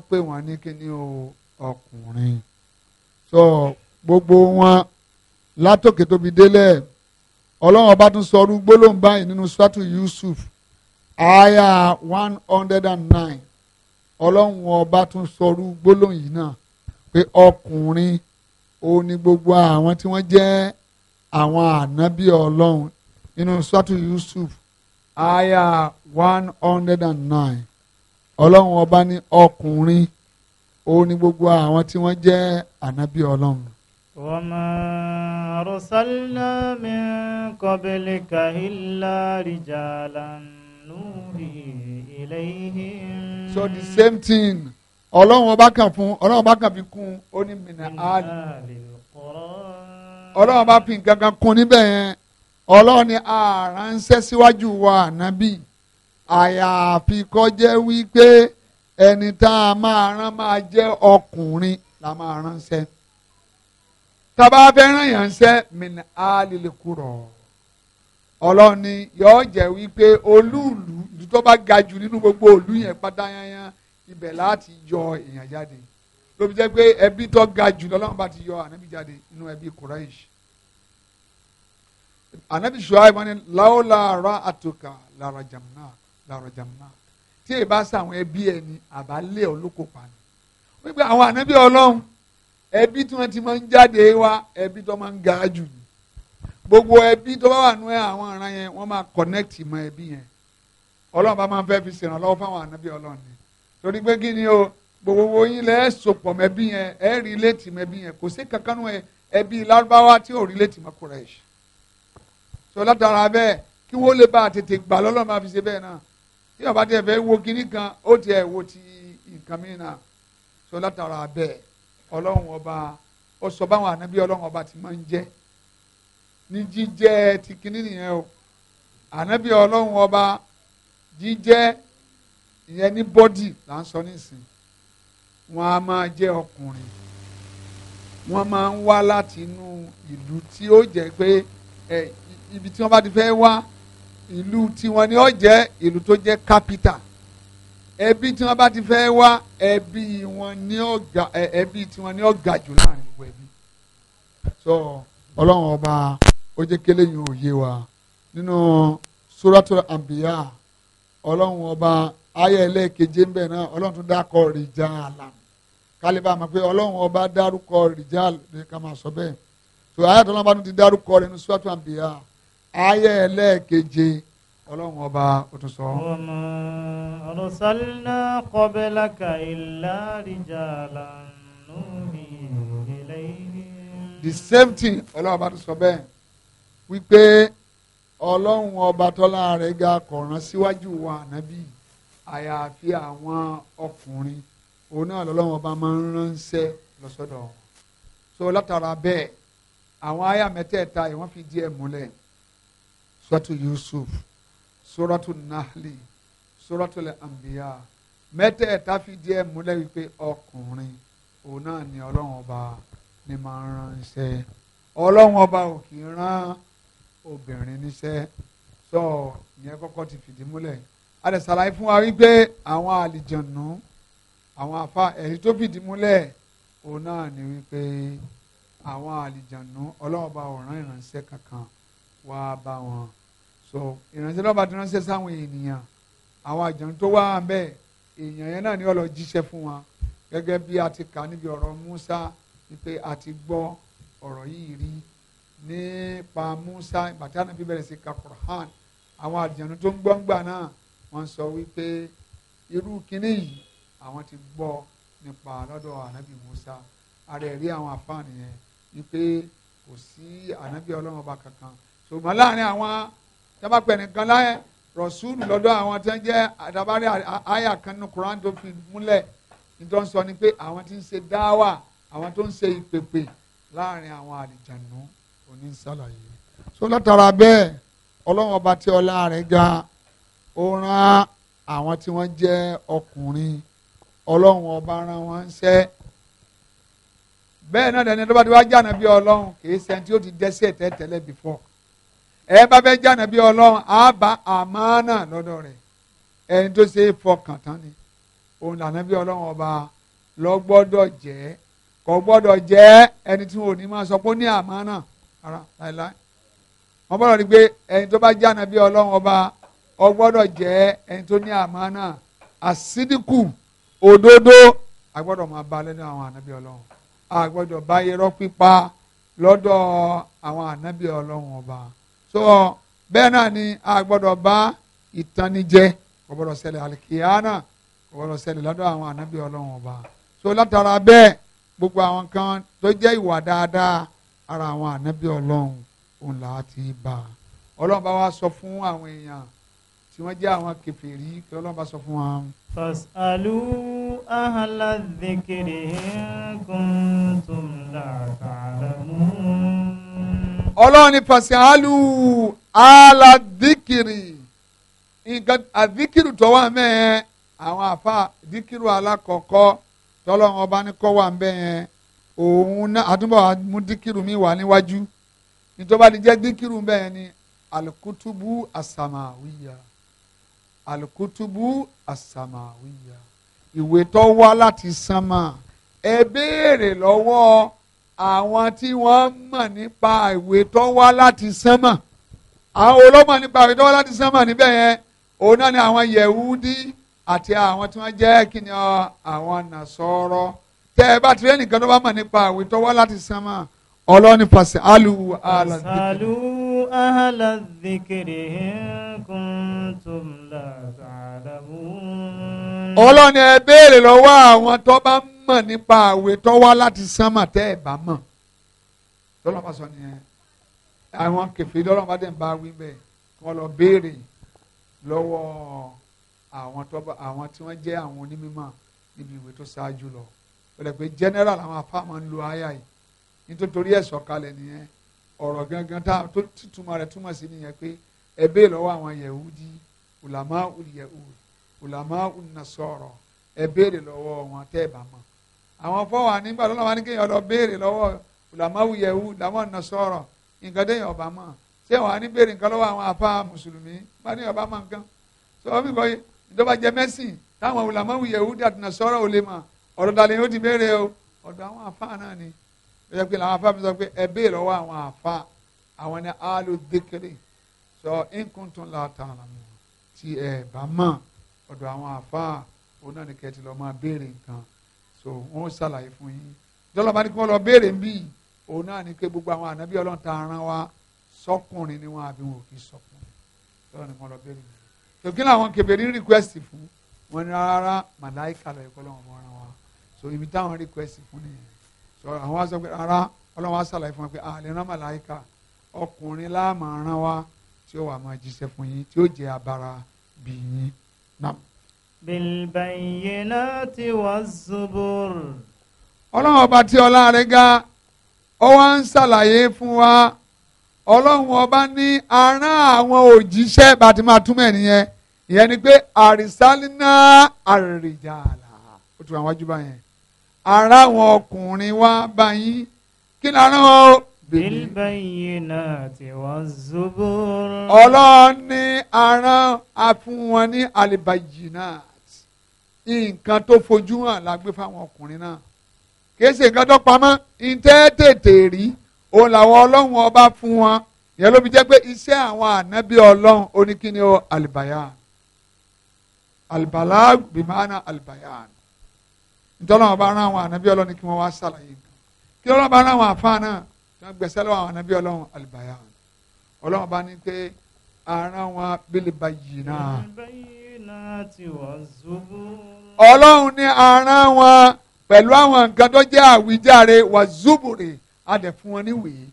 pè wọ́n ní kíní o ọkùnrin sọ gbogbo wọn látòkè tóbi délẹ̀ ọlọ́run ọba tún sọ ọdún gbólóhùn báyìí nínú sátú Yusuf aya one hundred and nine ọlọ́run ọba tún sọ ọdún gbólóhùn yìí náà pé ọkùnrin òun ni gbogbo àwọn tí wọ́n jẹ́ àwọn ànábì ọlọ́run nínú sọ́tù Yusuf aya one hundred and nine ọlọ́run ọba ní ọkùnrin òun ni gbogbo àwọn tí wọ́n jẹ́ ànábì ọlọ́run. وما أرسلنا من قبلك إلا رجالا نوحي إليهم. So the same thing ọlọ́run ọba kan fún ọlọ́run ọba kan fi kún ó ní mìnà áàlì ọlọ́run ọba fi nǹkan kan níbẹ̀ yẹn ọlọ́run ni àránṣẹ́ síwájú wa ànábì àyàfi kó jẹ́ wípé ẹni tá a máa rán máa jẹ́ ọkùnrin la máa ránṣẹ́ tá bá fẹ́ rán yàn ṣẹ́ mìnà áàlì lè kúrò ọlọ́run ni yọ̀ọ́ jẹ́ wípé olúùlú tó bá ga jù nínú gbogbo òlú yẹn pátá yányán ibẹ̀ láti yọ èèyàn jáde lóbi jẹ́ pé ẹbí tó ga jù lọ́lọ́run bá ti yọ ànábì jáde nínú ẹbí Quraysh ànábì Shuaib wọ́n ní láwọlá ara àtòkà lára jamuna lára jamuna tí èyí bá sá àwọn ẹbí ẹ ní àbálẹ̀ olókòpá ni wípé àwọn ànábì Ọlọ́run ẹbí tí wọ́n ti máa ń jáde wá ẹbí tó máa ń ga jù ni gbogbo ẹbí tó bá wà nú ẹ àwọn ọ̀ràn yẹn wọ́n máa connect mọ́ ẹbí yẹn Ọlọ́run bá máa ń fẹ́ fi ṣèrànlọ́wọ́ fáwọn ànábì Ọlọ́run ni torí pé kí ni o gbogbo yín lẹ sopọ̀ mẹ́bí yẹn ẹ rí létí mẹ́bí yẹn kò sí kankan nù ẹbí lárúbáwá tí ò rí létí mọ́ Kúrẹ́ṣì so látara bẹ́ẹ̀ kí wọ́n lè bá tètè gbà lọ́lọ́ máa fi ṣe bẹ́ẹ̀ náà tí bàbá tiẹ̀ fẹ́ wo kinní kan ó tiẹ̀ wo ti nǹkan mi náà so látara bẹ́ẹ̀ ọlọ́run ọba ó sọ báwọn ànábí ọlọ́run ọba ti máa ń jẹ́ ní jíjẹ́ ti kinní nìyẹn o ànábí ọlọ́run ọba jíjẹ́ ìyẹn ní bọ́dì là ń sọ nísìn wọn a máa jẹ́ ọkùnrin wọn máa ń wá láti inú ìlú tí ó jẹ́ pé ẹ ibi tí wọ́n bá ti fẹ́ wá ìlú tiwọn ni ó jẹ́ ìlú tó jẹ́ capital ẹbí tí wọ́n bá ti fẹ́ wá ẹbí wọn ni ó ga ẹbí tiwọn ni ó ga jù láàrin gbogbo ẹbí so ọlọ́run ọba ó jẹ́ kí eléyìí ó yé wa nínú suratul anbiya ọlọ́run ọba ayé ẹlẹ́ẹ̀keje ń bẹ̀ náà ọlọ́run tún dákọ̀ rìjà àlà kálíbà máa pé ọlọ́run ọba dárúkọ rìjà ní ká máa sọ bẹ́ẹ̀ tó ayé àtọ́lọ́ba tún ti dárúkọ rẹ̀ ní sùwàtú àǹbíyà ayé ẹlẹ́ẹ̀keje ọlọ́run ọba ó tún sọ. ọmọ arsalna qablaka illa rijalan nuhi ilayhim. the same thing ọlọ́run ọba tún sọ bẹ́ẹ̀ wípé ọlọ́run ọba tọ́lá rẹ̀ ga kọ̀ọ̀ràn síwájú wa ànábì àyàfi àwọn ọkùnrin òun náà lọ́lọ́run ọba máa ń ránṣẹ́ lọ́sọ́dọ̀ so látara bẹ́ẹ̀ àwọn àyà mẹ́tẹ̀ẹ̀ta yìí fi díẹ̀ múlẹ̀ suratu Yusuf suratu Nahli suratu Anbiya mẹ́tẹ̀ẹ̀ta fi díẹ̀ múlẹ̀ wípé ọkùnrin òun náà ni ọlọ́run ọba ni máa ń ránṣẹ́ ọlọ́run ọba ò kì í rán obìnrin níṣẹ́ sọ ìyẹn kọ́kọ́ ti fìdí múlẹ̀ a lè ṣàlàyé fún wa wípé àwọn àlìjànú àwọn àfa ẹ̀rí tó fìdí múlẹ̀ òun náà ni wípé àwọn àlìjànú ọlọ́ọ̀ba ọ̀ràn ìránṣẹ́ kankan wá bá wọn so ìránṣẹ́ lọ́ba ti ránṣẹ́ sáwọn ènìyàn àwọn àjànú tó wá bẹ́ẹ̀ èèyàn yẹn náà ni ó lọ jíṣẹ́ fún wa gẹ́gẹ́ bí a ti kà níbi ọ̀rọ̀ Musa wípé a ti gbọ́ ọ̀rọ̀ yìí rí nípa Musa bàtà nàbí bẹ̀rẹ̀ sí Kakurhan, Qur'an àwọn àjẹnú tó ń gbọ́ngbà náà wọ́n sọ wípé irú kinní yìí àwọn ti gbọ́ nípa lọ́dọ̀ ànábì Musa ara ẹ̀rí àwọn afáàní yẹn wípé kò sí ànábì ọlọ́run ọba kankan ṣùgbọ́n láàrin àwọn tábàpẹ̀ nìkan láyé rọ̀ṣúlù lọ́dọ̀ àwọn tó ń jẹ́ àdàbárí àyà kan ní Quran tó fi múlẹ̀ nítorí sọ ni pé àwọn tí ń ṣe dáwà àwọn tó ń ṣe ìpèpè láàrin àwọn àlìjànú òní ń ṣàlàyé so látara bẹ́ẹ̀ ọlọ́run ọba tí ọlá rẹ̀ ga ó rán àwọn tí wọ́n jẹ́ ọkùnrin ọlọ́run ọba rán wọn ń ṣẹ́ bẹ́ẹ̀ náà dẹni tó bá ti wá jànà bí ọlọ́run kìí ṣe tí ó ti dẹ́sẹ̀ tẹ́tẹ́lẹ̀ before ẹ bá fẹ́ jànà bí ọlọ́run á bá àmánà lọ́dọ̀ rẹ̀ ẹni tó ṣe é fọkàn tán ni òun lànà bí ọlọ́run ọba lọ jẹ́ kò gbọ́dọ̀ jẹ́ ẹni tí wọn ò ní máa sọ pé ó ní àmánà ara láéláé wọ́n bọ́dọ̀ rí i pé ẹni tó bá jáná bí ọlọ́run ọba ó gbọ́dọ̀ jẹ́ ẹni tó ní àmánà àsídìkù òdodo a gbọ́dọ̀ máa bá lẹ́nu àwọn ànábì ọlọ́run a bá irọ́ pípa lọ́dọ̀ àwọn ànábì ọlọ́run ọba so bẹ́ẹ̀ náà ni a gbọ́dọ̀ bá ìtanijẹ kò gbọ́dọ̀ ṣẹlẹ̀ àlìkìyàánà kò gbọ́dọ̀ ṣẹlẹ̀ lọ́dọ̀ àwọn ànábì ọlọ́run ọba so látara bẹ́ẹ̀ gbogbo àwọn kan tó jẹ́ ìwà dáadáa ara àwọn ànábì ọlọ́run òun là á ti bá a ọlọ́run bá wa sọ fún àwọn èèyàn tí wọ́n jẹ́ àwọn kèfèrí kí ọlọ́run bá sọ fún wa. fasalu ahala dhikri kuntum la ta'lamun. ọlọ́run ni fasalu ahala dhikri nǹkan àdìkìrì tó wà mẹ́ẹ̀ẹ́ àwọn àfa àdìkìrì alákọ̀ọ́kọ́ tọ́lọ́run ọba ní kọ́ wà mẹ́ẹ̀ẹ́ òun náà àtúbọ̀ mú díkìrù mi wà níwájú nítorí bá ti jẹ́ díkìrù bẹ́ẹ̀ ni alukutubu asamawiya alukutubu asamawiya ìwé tó wá láti sánmà ẹ béèrè lọ́wọ́ àwọn tí wọ́n mọ̀ nípa ìwé tó wá láti sánmà àwọn olómọ̀ nípa ìwé tó wá láti sánmà níbẹ̀ yẹn òun náà ni àwọn yẹ̀wúdí àti àwọn tí wọ́n jẹ́ kí ni àwọn nàṣọ́rọ́ tẹ ẹ bá ti rẹ́ nìkan tó bá mọ̀ nípa àwẹ̀ tó wá láti san mọ́ ọlọ́ni pàṣẹ alu ala zikiri. alu ala zikiri kuntum la ta'lamun. ọlọ́ni ẹ béèrè lọ́wọ́ àwọn tó bá mọ̀ nípa àwẹ̀ tó wá láti san mọ́ tẹ́ ẹ bá mọ̀ tọ́lọ́mọ sọ nìyẹn àwọn kẹfẹ́ lọ́lọ́mọ dẹ̀ ń bá wí bẹ́ẹ̀ wọ́n lọ béèrè lọ́wọ́ àwọn tí wọ́n jẹ́ àwọn onímọ̀ níbi ìwé tó ṣáájú lọ bẹ̀rẹ̀ pé general àwọn afa máa ń lo aya yìí nítorí ẹ̀ sọ̀kalẹ̀ nìyẹn ọ̀rọ̀ gangan tá a túmọ̀ rẹ̀ túmọ̀ sí nìyẹn pé ẹ lọ́wọ́ àwọn yẹ̀wúdí ulama yẹ̀wúdí ulama nasara ẹ béèrè lọ́wọ́ wọn tẹ́ ẹ bá mọ̀ àwọn fọwọ́ nígbà tó lọ́wọ́ ní kéèyàn béèrè lọ́wọ́ ulama yẹ̀wúdí ulama nasara nǹkan tẹ́yìn ọba mọ̀ ṣé wàá ní béèrè nǹkan lọ́wọ́ àwọn afa mùsùlùmí bá ní ọba mọ̀ nǹkan sọ wọ́n mi ulama yẹ̀wúdí àti nasara ò lè ọ̀dọ̀ ta ni ó ti béèrè o ọ̀dọ̀ àwọn àfáà náà ni ó yẹ pé làwọn àfáà mi sọ pé ẹ béèrè lọ́wọ́ àwọn àfáà àwọn ni alu dékèrè sọ nkùntùn la tàn án mi tí ẹ bá mọ̀ ọ̀dọ̀ àwọn àfáà òun náà ni kẹ́ ti lọ́ọ́ máa béèrè nǹkan so wọ́n ṣàlàyé fún yín jọlọba ní kí wọ́n lọ béèrè ń bì òun náà ni pé gbogbo àwọn ànábì Ọlọ́run tá a rán wa sọkùnrin ni wọn àbí wọn ò kì í sọkùnrin lọ́rọ̀ wa so ibi táwọn request fún nìyẹn so àwọn wá sọ pé rárá ọlọ́run wá sàlàyé fún wa pé àlẹ́ rán màláìka ọkùnrin láàmà rán wa tí ó wà máa jíṣẹ́ fún yín tí ó jẹ́ abara bí yín náà. bilbayyinati wazzubur. ọlọ́run ọba tí ọlá rẹ̀ ga ó wá ń sàlàyé fún wa ọlọ́run ọba ní arán àwọn òjíṣẹ́ bá máa túmọ̀ nìyẹn ìyẹn ni pé àrísálínà àrìjàlá ó tún àwọn ajú báyẹn ara wọn ọkùnrin wá bá yín kí ni ara wọn. bilbayin náà ti wọ́n zubú. ọlọ́run ní ara afún wọn ní alibayin náà nǹkan tó fojú hàn la gbé fáwọn ọkùnrin náà kì í ṣe nǹkan tó pamọ́ ntẹ́ rí òun làwọn ọlọ́run ọba fún wọn yẹn ló fi jẹ́ pé iṣẹ́ àwọn ànábì ọlọ́run oníkíni o alibayan albalag bimana alibayan ntọ́lọ́wọ́n bá rán àwọn ànábí ọlọ́run ni kí wọ́n wá sàlàyé nǹkan kí ọlọ́run bá rán àwọn àfáà náà tí wọ́n gbẹ̀sẹ̀ lọ́wọ́ àwọn ànábí ọlọ́run àlùbáyà ọlọ́run bá ní pé àrán wọn bílíba yìí náà ọlọ́run ní àrán wọn pẹ̀lú àwọn nǹkan tó jẹ́ àwíjàre wà zúbùrì adẹ̀ fún wọn níwèé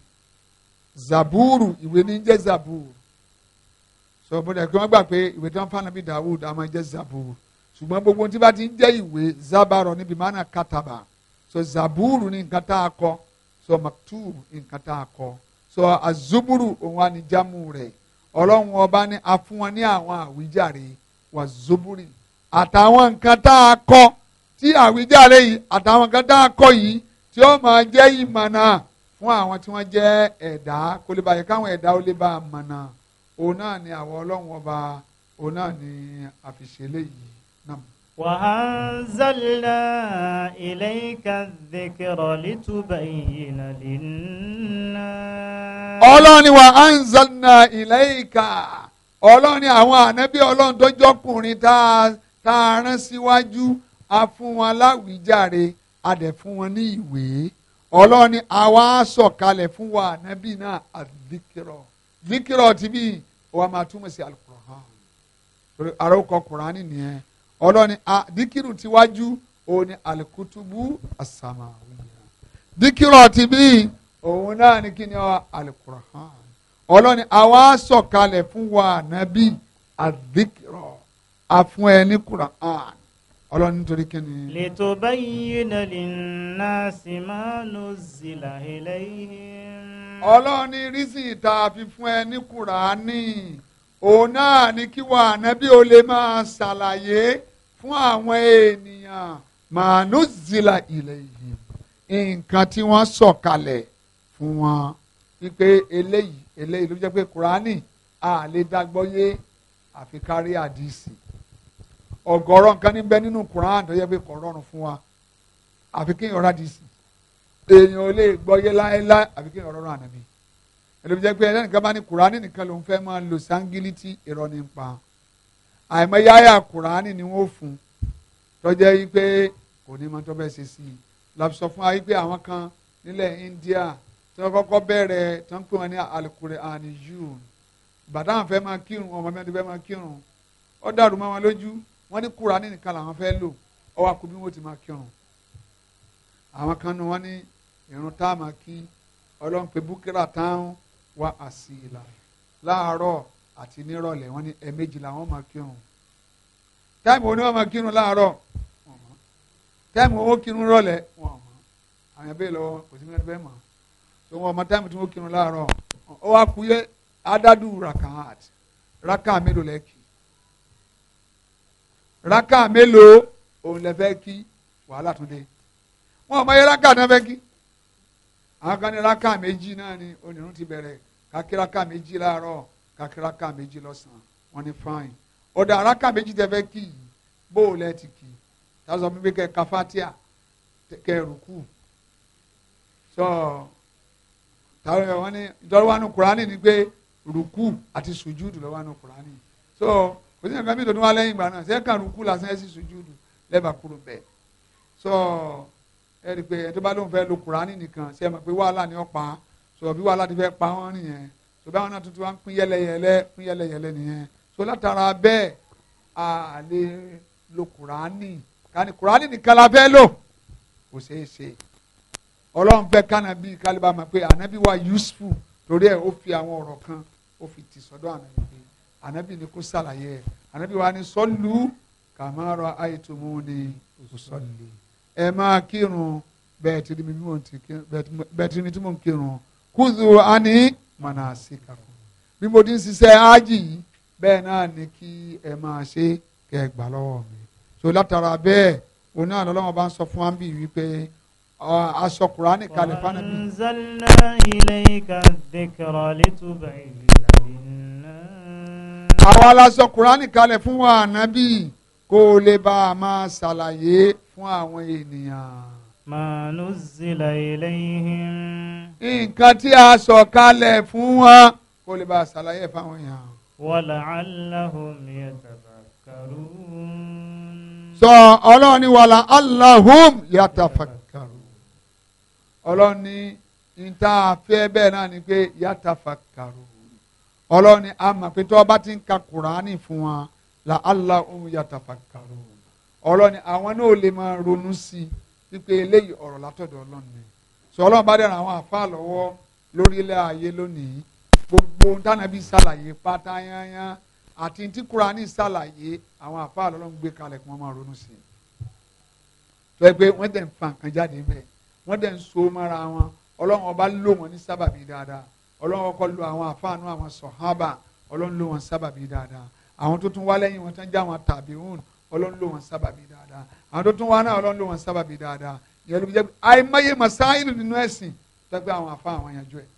zaburu ìwé ní jẹ́ zaburu sọ bó kí wọ́n gbà pé ìwé tí wọ́n fà náà bí dàwúd àmọ́ jẹ́ zaburu ṣùgbọ́n gbogbo tí bá ti ń jẹ́ ìwé zabarọ̀ níbi mánà kàtàbà so zaburu ni nǹkan tá a kọ so maktub nǹkan tá a kọ so azuburu òun wa ní ọlọ́run ọba ní a fún wọn ní àwọn àwíjàre wà zuburi àtàwọn nǹkan tá a kọ tí àwíjàre yìí àtàwọn nǹkan tá a kọ yìí tí ó máa jẹ́ ìmọ̀nà fún àwọn tí wọ́n jẹ́ ẹ̀dá kó lè bàyẹ̀ káwọn ẹ̀dá ó lè bá a mọ̀nà òun náà ni àwọn ọlọ́run ọba òun náà ni àfiṣẹ́lẹ̀ yìí نعم وأنزلنا إليك الذكر لتبين للناس ọlọ́ni wa anzalna ilayka ọlọ́ni àwọn ànábì ọlọ́run tó jọkùnrin tá a rán síwájú a fún wọn láwíjàre a dẹ̀ fún wọn ní ìwé ọlọ́ni àwa á sọ̀kalẹ̀ fún wa ànábì náà àdìkìrọ̀ dìkìrọ̀ tìbí wa máa túmọ̀ sí alukùránì àròkọ kùránì nìyẹn ọlọ́ni àdìkírù tiwájú òun ni alikutubu asama díkírù ọtí bíi òun náà ni kí ni ọ alikurahan ọlọ́ni àwa sọ̀kalẹ̀ fún wa nàbí àdìkírù àfún ẹ ní kurahan ọlọ́ni nítorí kí ni. lètò báyìí náà lè ná sí máa ló zìlà eléyìí. ọlọ́ni rísì tá fi fún ẹ ní kurahan ni òun náà ni kí wa nàbí o lè máa ṣàlàyé fún àwọn ènìyàn màánú zila ilẹ̀ yìí nǹkan tí wọ́n sọ̀kalẹ̀ fún wọn wípé eléyìí eléyìí ló jẹ́ pé kùránì a lè dágbọ́yé àfi kárí àdìsí ọ̀gọ̀rọ̀ nǹkan níbẹ̀ nínú kùránì tó yẹ pé kò rọrùn fún wa àfi kí èèyàn rádìsí èèyàn ò lè gbọ́yé láéláé àfi kí èèyàn rọrùn ànàmì ẹlòmíjẹ́ pé ẹlẹ́nìkan bá ní kùránì nìkan lòún fẹ́ máa lò sángílítì ìrọ̀ àìmọye àyà kùránì ni wọ́n fún tọ́jẹ́ yìí pé kò ní máa tọ́bẹ̀ ṣe sí i láti fún wa yìí pé àwọn kan nílẹ̀ India tí wọ́n kọ́kọ́ bẹ̀rẹ̀ tí wọ́n pè wọ́n ní alukurani yun bàtà àwọn fẹ́ máa kírun ọmọ mẹ́rin fẹ́ máa kírun ó dàrú mọ́ wọn lójú wọ́n ní kùránì nìkan làwọn fẹ́ lò ó wá kú bí wọ́n ti máa kírun àwọn kan ní wọ́n ní irun tá a máa kí ọlọ́run pé búkírà táwọn wá àsìlà láàárọ̀ àti nírọ̀lẹ́ wọ́n ní ẹ̀ẹ̀mejì làwọn máa kírun táìmù wo ni wọ́n máa kírun láàárọ̀ wọ́n mọ̀ táìmù wo kírun rọ̀lẹ́ wọ́n mọ̀ àwọn ẹ̀bẹ̀ lọ́wọ́ kò sí mẹ́rin bẹ́ẹ̀ tó wọ́n mọ táìmù tí wọ́n kírun láàárọ̀ ó wá kú yẹ adadu rakaat raka mélòó lẹ́ kí raka mélòó òun lẹ fẹ́ kí wàhálà tún dé wọ́n mọ ayé raka náà fẹ́ kí àwọn kan ní raka méjì náà ni onírun ti bẹ̀rẹ̀ kákí raka méjì láàárọ̀ kakiraka méjì lọ́sàn-án wọ́n ní fine ọ̀dà araka méjì tẹ́ fẹ́ kì í bó o ti kì í tàbí sọ fún kafatia kẹ́ ruku, sọ tàbí wọ́n ní ìtọ́jú wa nu kurani ni pé rúkú àti sùjúdù lọ́wọ́ nu kurani so kò sí nǹkan mi tó ní wa lẹ́yìn ìgbà náà ṣé kàn rúkú lásán ẹ̀ sì sùjúdù lẹ́bàá kúrò bẹ́ẹ̀ sọ ẹ rí i pé ẹ tó bá lóun fẹ́ lo kurani nìkan ṣé mọ̀ pé wàhálà ni ó pa sọ bí wàhálà ti fẹ́ pa wọ́n nìyẹn tó báwọn náà tuntun wa ń pín yẹlẹyẹlẹ pín yẹlẹyẹlẹ nìyẹn so látara bẹ́ẹ̀ a lè lo kùránì kàní kùránì nìkan la bẹ́ẹ̀ lò kò ṣeé ṣe ọlọ́run fẹ́ kánàbí kálíbà máa pé ànábì wa useful torí ẹ̀ ó fi àwọn ọ̀rọ̀ kan ó fi tì sọ́dọ̀ ànábì pé ànábì ni kò ṣàlàyé ẹ̀ ànábì wa ni sọ́lù kàmáàrọ̀ àìtòmù ni kò sọ́lù ẹ máa kírun bẹ́ẹ̀ tí mi tí kírun kúzù àní manasikakum bí mo ti ń ṣiṣẹ́ ájì yìí bẹ́ẹ̀ náà ni kí ẹ máa ṣe kẹ́ ẹ gbà lọ́wọ́ mi so látara bẹ́ẹ̀ òun náà lọ́lọ́wọ́ bá ń sọ fún wa bí wípé aṣọ kùránì kalẹ̀ fánàbí. anzalna ilayka dhikra litubayyina linnas. àwa la sọ kùránì kalẹ̀ fún wa ànábì kó o lè bá a máa ṣàlàyé fún àwọn ènìyàn. ma nuzzila ilayhim nǹkan tí a sọ kalẹ̀ fún wọn kó lè bá a ṣàlàyé fáwọn èèyàn. wàlà aláhùn yatafakkarun. sọ ọlọ́run ní wàlà aláhùn yatafakkarun. ọlọ́run ní níta fẹ́ bẹ́ẹ̀ náà ni pé yatafakkarun. ọlọ́run ní a mọ̀ pé tí wọ́n bá ti ń ka kùránì fún wọn la aláhùn yatafakkarun. ọlọ́run ní àwọn náà lè máa ronú sí i wípé eléyìí ọ̀rọ̀ látọ̀dọ̀ ọlọ́run ni sọ ọlọ́run bá dẹ̀ràn àwọn àfa lọ́wọ́ lórílẹ̀ ayé lónìí gbogbo tánàbí ṣàlàyé pátá yányán àti tí Kúránì ṣàlàyé àwọn àfa lọ́lọ́run gbé kalẹ̀ kí wọ́n máa ronú sí i tó ẹ pé wọ́n dẹ̀ ń fa nǹkan jáde bẹ́ẹ̀ wọ́n dẹ̀ ń so mọ́ra wọn ọlọ́run ọba lò wọ́n ní sábàbí dáadáa ọlọ́run ọkọ lo àwọn àfáànú àwọn sọ̀hábà ọlọ́run lò wọ́n sábàbí dáadáa àwọn tó tún wá lẹ́yìn wọn tán já wọn tàbí òun ọlọ́run lò wọ́n sábàbí dáadáa àwọn tó tún wá náà ọlọ́run lò wọ́n sábàbí dáadáa ìyẹn ló fi jẹ́ pé àìmọye mọ̀sáìlù nínú ẹ̀sìn tẹ́gbẹ́ àwọn àfa àwọn yanjú ẹ̀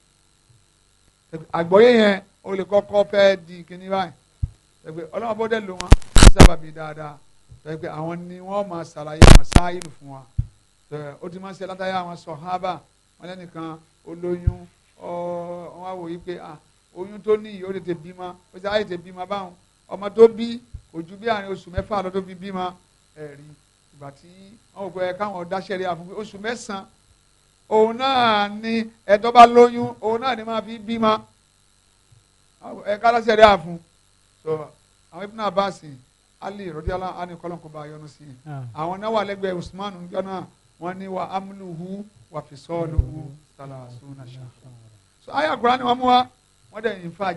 àgbọ̀yé yẹn o lè kọ́kọ́ fẹ́ di kíní báyìí tẹ́gbẹ́ ọlọ́wọ́n bó dẹ̀ lò wọ́n sábàbí dáadáa tẹ́gbẹ́ àwọn ni wọ́n máa ṣàlàyé mọ̀sáìlù fún wa tẹ́ ó ti máa ń ṣe látàyà àwọn sọ̀hábà wọn lẹ́nìkan olóyún wọn á wò yí pé oyún tó ní yìí tètè bímọ ó ti ayé tètè bímọ báwọn ọmọ tó bí kò bí àárín oṣù mẹ́fà lọ tó fi bímọ ẹ̀rí ìgbà tí wọn ò ẹ káwọn dáṣẹ́rí àfúnfún oṣù mẹ́sàn òun náà ni ẹ̀tọ́ bá lóyún òun náà ni máa fi bímọ ẹ ká dáṣẹ́rí àfún so àwọn ibùdó náà bá sí ali ah. rọdíàlá ani yọnu sí i àwọn náà wà usman náà wọn ní wa amúlùhù wà fi so àyà kura ni mú wa wọ́n dẹ̀ yìí fa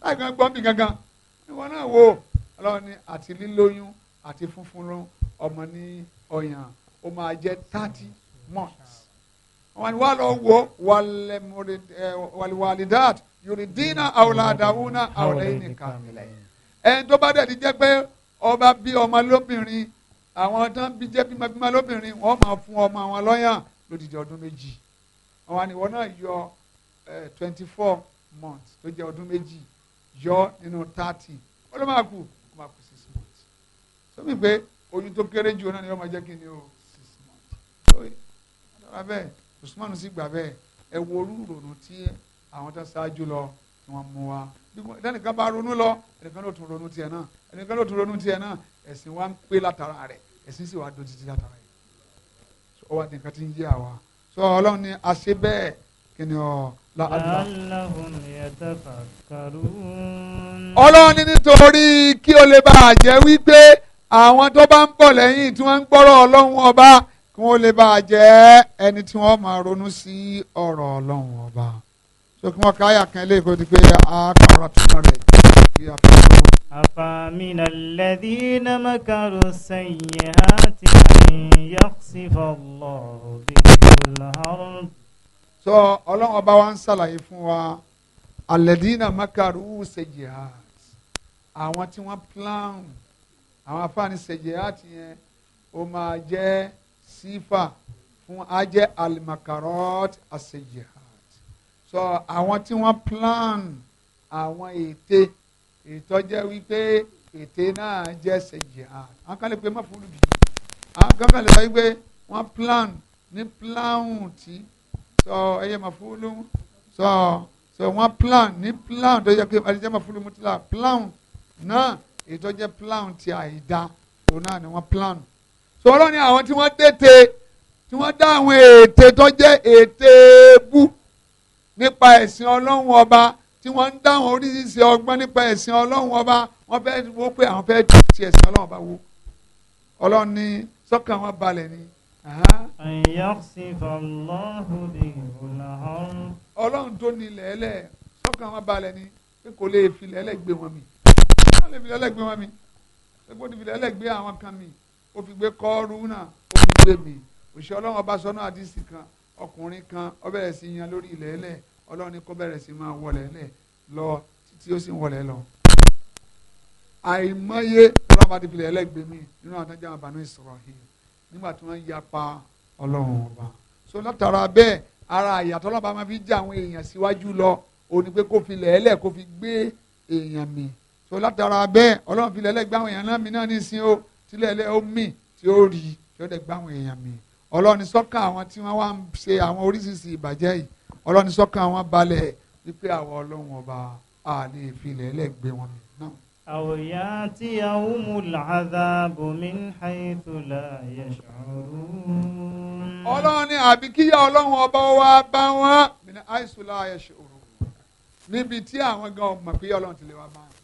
láì gbọ́n bí gangan náà wo ọlọ́run ni àti lílóyún àti funfun lóyún ọmọ ní ọyàn ó máa jẹ́ thirty months wọ́n wá lọ wo wàlíwàlídàd yorùdínà àwòlàdàwùnà àwòlẹ́yìn kàmìlẹ̀ ẹni tó bá dẹ̀ ti jẹ́ pé ọba bí ọmọ lóbìnrin àwọn tó ń bí jẹ́ bímọbímọ lóbìnrin wọ́n máa fún ọmọ àwọn lọ́yàn lódìdí ọdún méjì àwọn àníwọ̀ náà yọ twenty four months tó jẹ́ ọdún méjì yọ nínú thirty ó ló máa kú ó máa kú six months. sọ mi pé oyún tó kéré jù náà ni wọ́n máa jẹ́ kí ni o six months ọ̀dọ́ra bẹ́ẹ̀ Usman sì gbà bẹ́ẹ̀ ẹ wo orú ìrònú tí àwọn tó ṣáájú lọ tí wọ́n mú wa ẹnìkan bá ronú lọ ẹnìkan ló tún ronú tiẹ̀ náà ẹnìkan ló tún ronú tiẹ̀ náà ẹ̀sìn wa ń pé látara rẹ̀ ẹ̀sìn sì wá dojú ti látara rẹ̀ ó wà nìkan tí ń yé àwa sọ ọlọ́run ni a ṣe bẹ́ẹ̀ kí ni ọ la àdúrà. ọlọ́run ni nítorí kí o lè bá a jẹ́ wípé àwọn tó bá ń bọ̀ lẹ́yìn tí wọ́n ń gbọ́rọ̀ ọlọ́run ọba kí wọ́n lè bá a jẹ́ ẹni tí wọ́n máa ronú sí ọ̀rọ̀ ọlọ́run ọba so kí wọ́n ká àyà kan lè kó pé a kọ̀ọ̀rọ̀ tó lọ rẹ̀ kí a kọ̀ ọ́. أفمن الذين مكروا السيئات أن يخسف الله بهم الأرض so ọlọ́run ọba wa ń ṣàlàyé fún wa alẹ́dínà makaru ṣèjì àwọn tí wọ́n plan àwọn afáàní sẹjẹhati yẹn ó máa jẹ́ sífà fún á jẹ́ alimakarot asẹjẹhati so àwọn tí wọ́n plan àwọn ète ìtọ́jẹ́ wípé ète náà jẹ́ sẹjẹhati àwọn kan lè pe má fún olùbí àwọn kan kan sọ wípé wọ́n plan ní plan tí so ẹyẹ má fún so sọ wọ́n plan ní plan tó yẹ kí alìjẹ́ má fún olùmú tí la plan náà ètò jẹ́ plan ti àìda òun náà ni wọ́n plan. sọ̀rọ̀ ni àwọn tí wọ́n tètè tí wọ́n dá àwọn ète tó jẹ́ ète bú nípa ẹ̀sìn ọlọ́run ọba tí wọ́n ń dá àwọn oríṣiríṣi ọgbọ́n nípa ẹ̀sìn ọlọ́run ọba wọ́n fẹ́ wó pé àwọn fẹ́ ti ẹ̀sìn ọlọ́run ọba wo ọlọ́run ní sọ́kàn wọn balẹ̀ ni. ọlọ́run tó ní lẹ́lẹ̀ sọ́kàn wọn balẹ̀ ni pé kò lè fi lẹ́lẹ̀ wọn mì wọ́n lè fi lẹ́lẹ́gbẹ́ wọn mi epo ti fi lẹ́lẹ́gbẹ́ àwọn kan mi ó fi gbé kọ́ọ́rù náà ó fi gbé mi òṣìṣẹ́ ọlọ́run ọba sọ́nà àdìsí kan ọkùnrin kan ó bẹ̀rẹ̀ sí yan lórí ilẹ̀ ẹlẹ̀ ọlọ́run ni kó bẹ̀rẹ̀ sí máa wọlé ẹlẹ̀ lọ títí ó sì wọlé lọ. àìmọye ọlọ́run bá ti fi mi nínú àwọn àtàjà àbànú Ísírẹ́lì nígbà tí wọ́n yapa ọlọ́run ọba so látara bẹ́ẹ̀ ara àyàtọ̀ ọlọ́run bá máa fi já àwọn èèyàn síwájú lọ òní pé kó fi lẹ́ẹ̀lẹ̀ kó fi gbé èèyàn mì so látara bẹ́ẹ̀ ọlọ́run fi lẹ́lẹ́ gbáwọn èèyàn náà mi náà nísìn o tílẹ̀ lẹ́ ó mì tí ó rí tí ó dẹ̀ gbáwọn èèyàn mi ọlọ́run sọ́kàn àwọn tí wọ́n wá ń ṣe àwọn oríṣiríṣi ìbàjẹ́ yìí ọlọ́run sọ́kàn àwọn balẹ̀ wípé àwọn ọlọ́run ọba a lè fi lẹ́lẹ́ gbé wọn mi náà. àwòyá tí a ó mú làádáàbò mi ń háyé tó láàyè ṣàrú. ọlọ́run ni àbí kíyà ọlọ́run ọba wa bá wọn àìsùn láàyè ṣòro níbi tí àwọn gan ọmọ pé ọlọ́run ti lè wá bá wọn